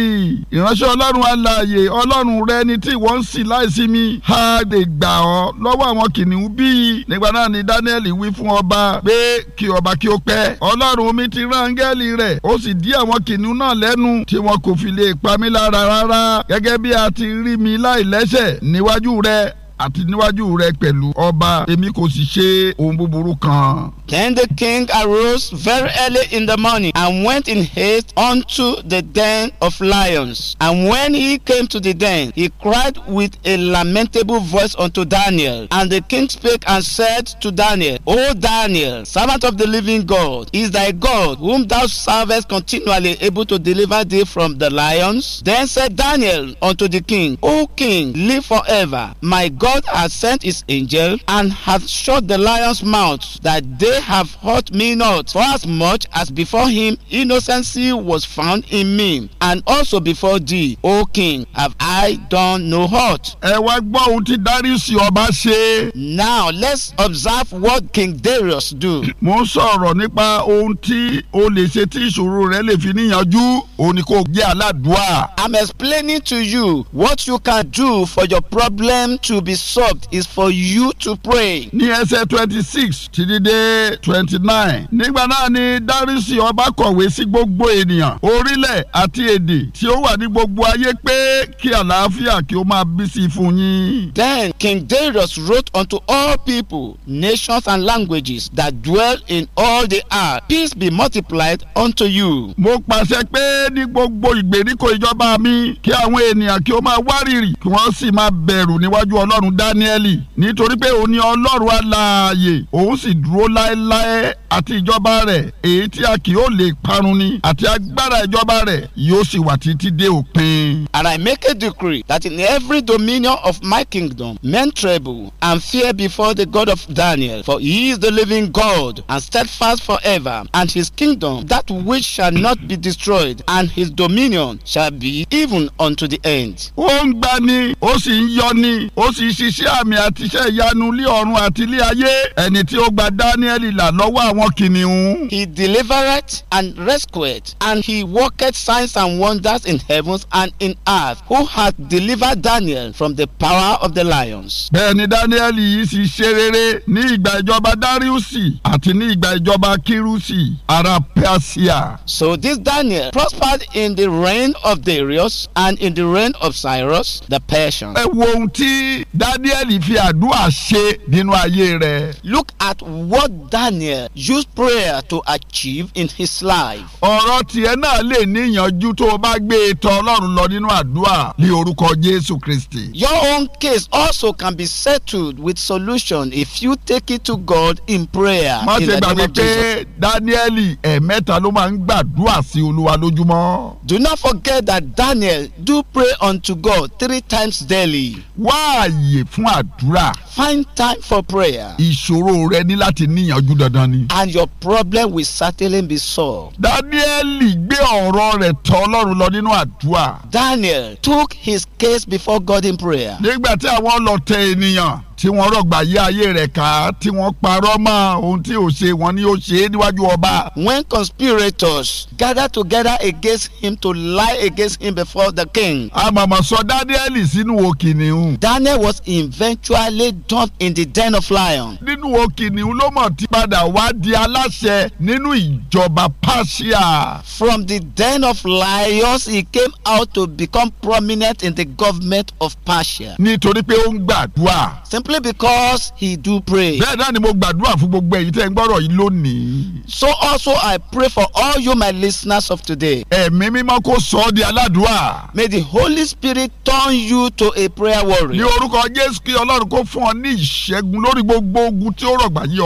ìránṣẹ́ ọlọ́run alààyè ọlọ́run rẹ ni tí wọ́n ń sì láìsí mi ha lè gbà ọ́ lọ́wọ́ àwọn kìnìún bíi nígbà náà ni dáníẹ́lì wí fún ọba pé kí ọba kí ó pẹ́ ọlọ́run mi ti rán áńgẹ́lì rẹ̀ ó sì dí àwọn kìnìún náà lẹ́nu tí wọn kò fi lè pa mí lára rárá gẹ́gẹ́ bí a ti rí mi láìlẹ́sẹ̀ níwájú rẹ̀ àti níwájú rẹ pẹ̀lú ọba èmi kò sì ṣe ohun búburú kan. Then the king arose very early in the morning and went in haste unto the den of lions. And when he came to the den, he cried with a lamentable voice unto Daniel. And the king spake and said to Daniel, O Daniel, servant of the living God, is thy God, whom thou servest continually, able to deliver thee from the lions? Then said Daniel unto the king, O king, live forever, my God. God has sent his angel and hath shut the lion's mouth, that they have hurt me not. For as much as before him innocency was found in me, and also before thee, O king, have I done no hurt. Ẹ wá gbọ́ ohun tí Darius ọba ṣe. Now let's observe what King Darius do. Mo ń sọ̀rọ̀ nípa ohun tí o lè ṣe tí ìṣòro rẹ lè fi níyanjú, òun ni kò jẹ́ aládùúà. I'm explaining to you what you can do for your problem to be be solved is for you to pray. ní ẹsẹ̀ twenty six títí dé twenty nine nígbà náà ni dárísì ọba kọ̀wé sí gbogbo ènìyàn orílẹ̀ àti èdè tí ó wà ní gbogbo ayé pé kí àlàáfíà kí ó máa bí sí fún yín. then King Darius wrote unto all people nations and languages that dwell in all the earth peace be multiplied unto you. mo pàṣẹ pé ní gbogbo ìgbèríko ìjọba mi kí àwọn ènìyàn kí ó máa wárìrì kí wọ́n sì máa bẹ̀rù níwájú Ọlọ́run ọlọ́run dáníẹ́lì nítorí pé òun ni ọlọ́run aláàyè òun sì dúró láéláé àti ìjọba rẹ̀ èyí tí a kì yóò lè parun ni àti agbára ìjọba rẹ̀ yóò sì wà títí dé òpin. And I make a decree that in every dominion of my kingdom men tremble and fear before the God of Daniel for he is the living God and steadfast forever and his kingdom that which shall not be destroyed and his dominion shall be even unto the end. ó ń gbani ó sì ń yọni ó sì oríṣiríṣi àmì àti ìyanu lé ọ̀run àti lé ayé ẹni tí ó gba Dáníẹ́lì là lọ́wọ́ àwọn kìnìún. He delivered and rescued and he worked signs and wonders in heaven and in earth who had delivered Daniel from the power of the lions. Bẹ́ẹ̀ni Dáníẹ́lì yìí sì ṣe rere ní ìgbà ìjọba Dariusi àti ní ìgbà ìjọba Kirusi ara Persia. So this Daniel prospered in the reign of Darius and in the reign of Cyrus the Persian. Ẹ wo ohun tí. Daniel fi àdúrà ṣe nínú ayé rẹ̀. Look at what Daniel used prayer to achieve in his life. ọ̀rọ̀ tiẹ̀ náà lè níyànjú tó o bá gbé e tọ̀ Ọlọ́run lọ nínú àdúrà ní orúkọ Jésù Kristi. Your own case also can be settled with solution if you take it to God in prayer. má ṣe gbàgbé pé Daniel ẹ̀ẹ̀mẹ́ta ló máa ń gbàdúrà sí Olúwa lójúmọ́. Do not forget that Daniel do pray unto God three times daily. wáàyè ààyè fún àdúrà. find time for prayer. ìṣòro rẹ ní láti níyànjú dandan ni. and your problem will certainly be solved. dáníẹ́lì gbé ọ̀rọ̀ rẹ̀ tọ̀ ọlọ́run lọ nínú àdúrà. daniel took his case before God in prayer. nígbà tí àwọn lọ tẹ ènìyàn tí wọ́n rọ̀gbà yé ayé rẹ̀ ká tí wọ́n parọ́ mọ́ ohun tí ò ṣe wọ́n ni ó ṣe é níwájú ọba. When conspirators gather together against him to lie against him before the king. a mọ̀mọ́ sọ Daniel sínú wo kìnìún. Daniel was eventually dumped in the den of lions. nínú wo kìnìún ló mọ̀ tí padà wá di aláṣẹ nínú ìjọba Persia. From the den of lions he came out to become prominent in the government of Persia. nítorí pé ó ń gbàdúrà. simply because he do pray. bẹ́ẹ̀ náà ni mo gbàdúrà fún gbogbo ẹ̀yin yìí lónìí. so also I pray for all you my listeners of today. ẹ̀mí mímọ́ kó sọ ọ́ di aládùúrà. may the Holy Spirit turn you to a prayer warrior. ní orúkọ Jésù kí Ọlọ́run kó fún ọ ní ìṣẹ́gun lórí gbogbo ogun tí ó rọ̀gbà yí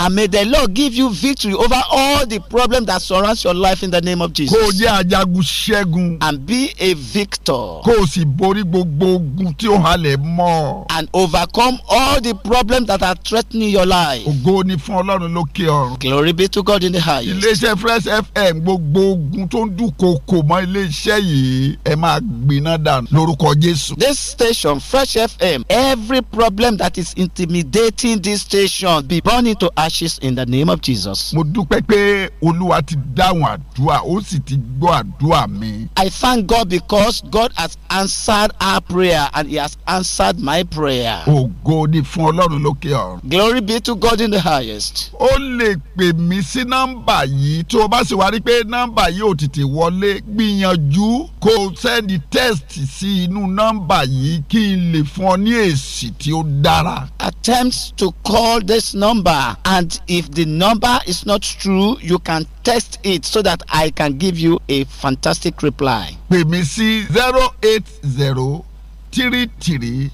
and may the Lord give you victory over all the problems that surround your life in the name of Jesus. kó o jẹ́ ajagun ṣẹ́gun. and be a victor. kó o sì borí gbogbo ogun tí ó halẹ̀ mọ́. and overcome. overcome all the problems that are threatening your life. ògo ni fún ọlọ́run lókè ọ̀run. glory be to God in the highest. iléeṣẹ́ fresh fm gbogbo ogun tó ń dúnkokò mọ́ iléeṣẹ́ yìí ẹ máa gbiná dànù lórúkọ jésù. this station fresh fm every problem that is intimidating this station be burned into ashes in the name of jesus. mo dúpẹ́ pé olúwa ti dáhùn àdúrà ó sì ti gbọ́ àdúrà mi. i thank God because God has answered our prayer and he has answered my prayer. ògo ògo ni fún ọlọ́run lókè ọ̀run. glory be to God in the highest. ó lè pè mí sí nọ́mbà yìí tó o bá sì wá rí pé nọ́mbà yìí ò tètè wọlé gbìyànjú kó o sẹ́ndì test sí inú nọ́mbà yìí kí n lè fún ọ ní èsì tí ó dára. attempt to call this number and if the number is not true you can test it so that I can give you a fantastic reply. pè mí sí zero eight zero three three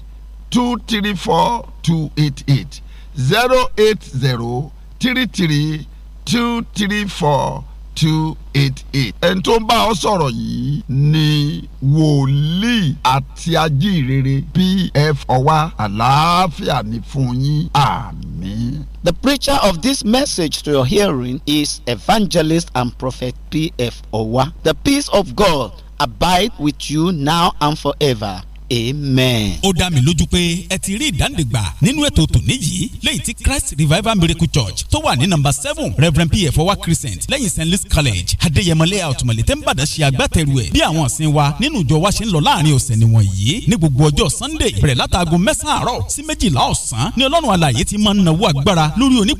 two three four two eight eight zero eight zero three three two three four two eight eight. ẹni tó ń bá ọ sọ̀rọ̀ yìí ni wòlíì àti ajíhìrere pf ọwá àlàáfíà ni fún yín àmín. The preacher of this message to your hearing is evangelist and prophet pf ọwá. The peace of God abide with you now and forever amen. ó dá mi lójú pé ẹ ti rí ìdánidìgbà nínú ètò tòní yìí lẹ́yìn tí christ revival miracle church tó wà ní nàmbà seven reverend pf ọwá crescent lẹ́yìn st louis college adéyẹmọlẹ́ àtùmọ̀lẹ́ tẹ́ ń bàdá ṣe agbátẹrù ẹ̀ bí àwọn ọ̀sìn wa nínú ìjọ wa ṣe ń lọ láàrin ọ̀sẹ̀ nìwọ̀n yìí ní gbogbo ọjọ́ sunday bẹ̀rẹ̀ látàgùn mẹ́sàn-án àárọ̀ sí méjìlá ọ̀sán ni ọlọ́run alààyè ti máa ń nawó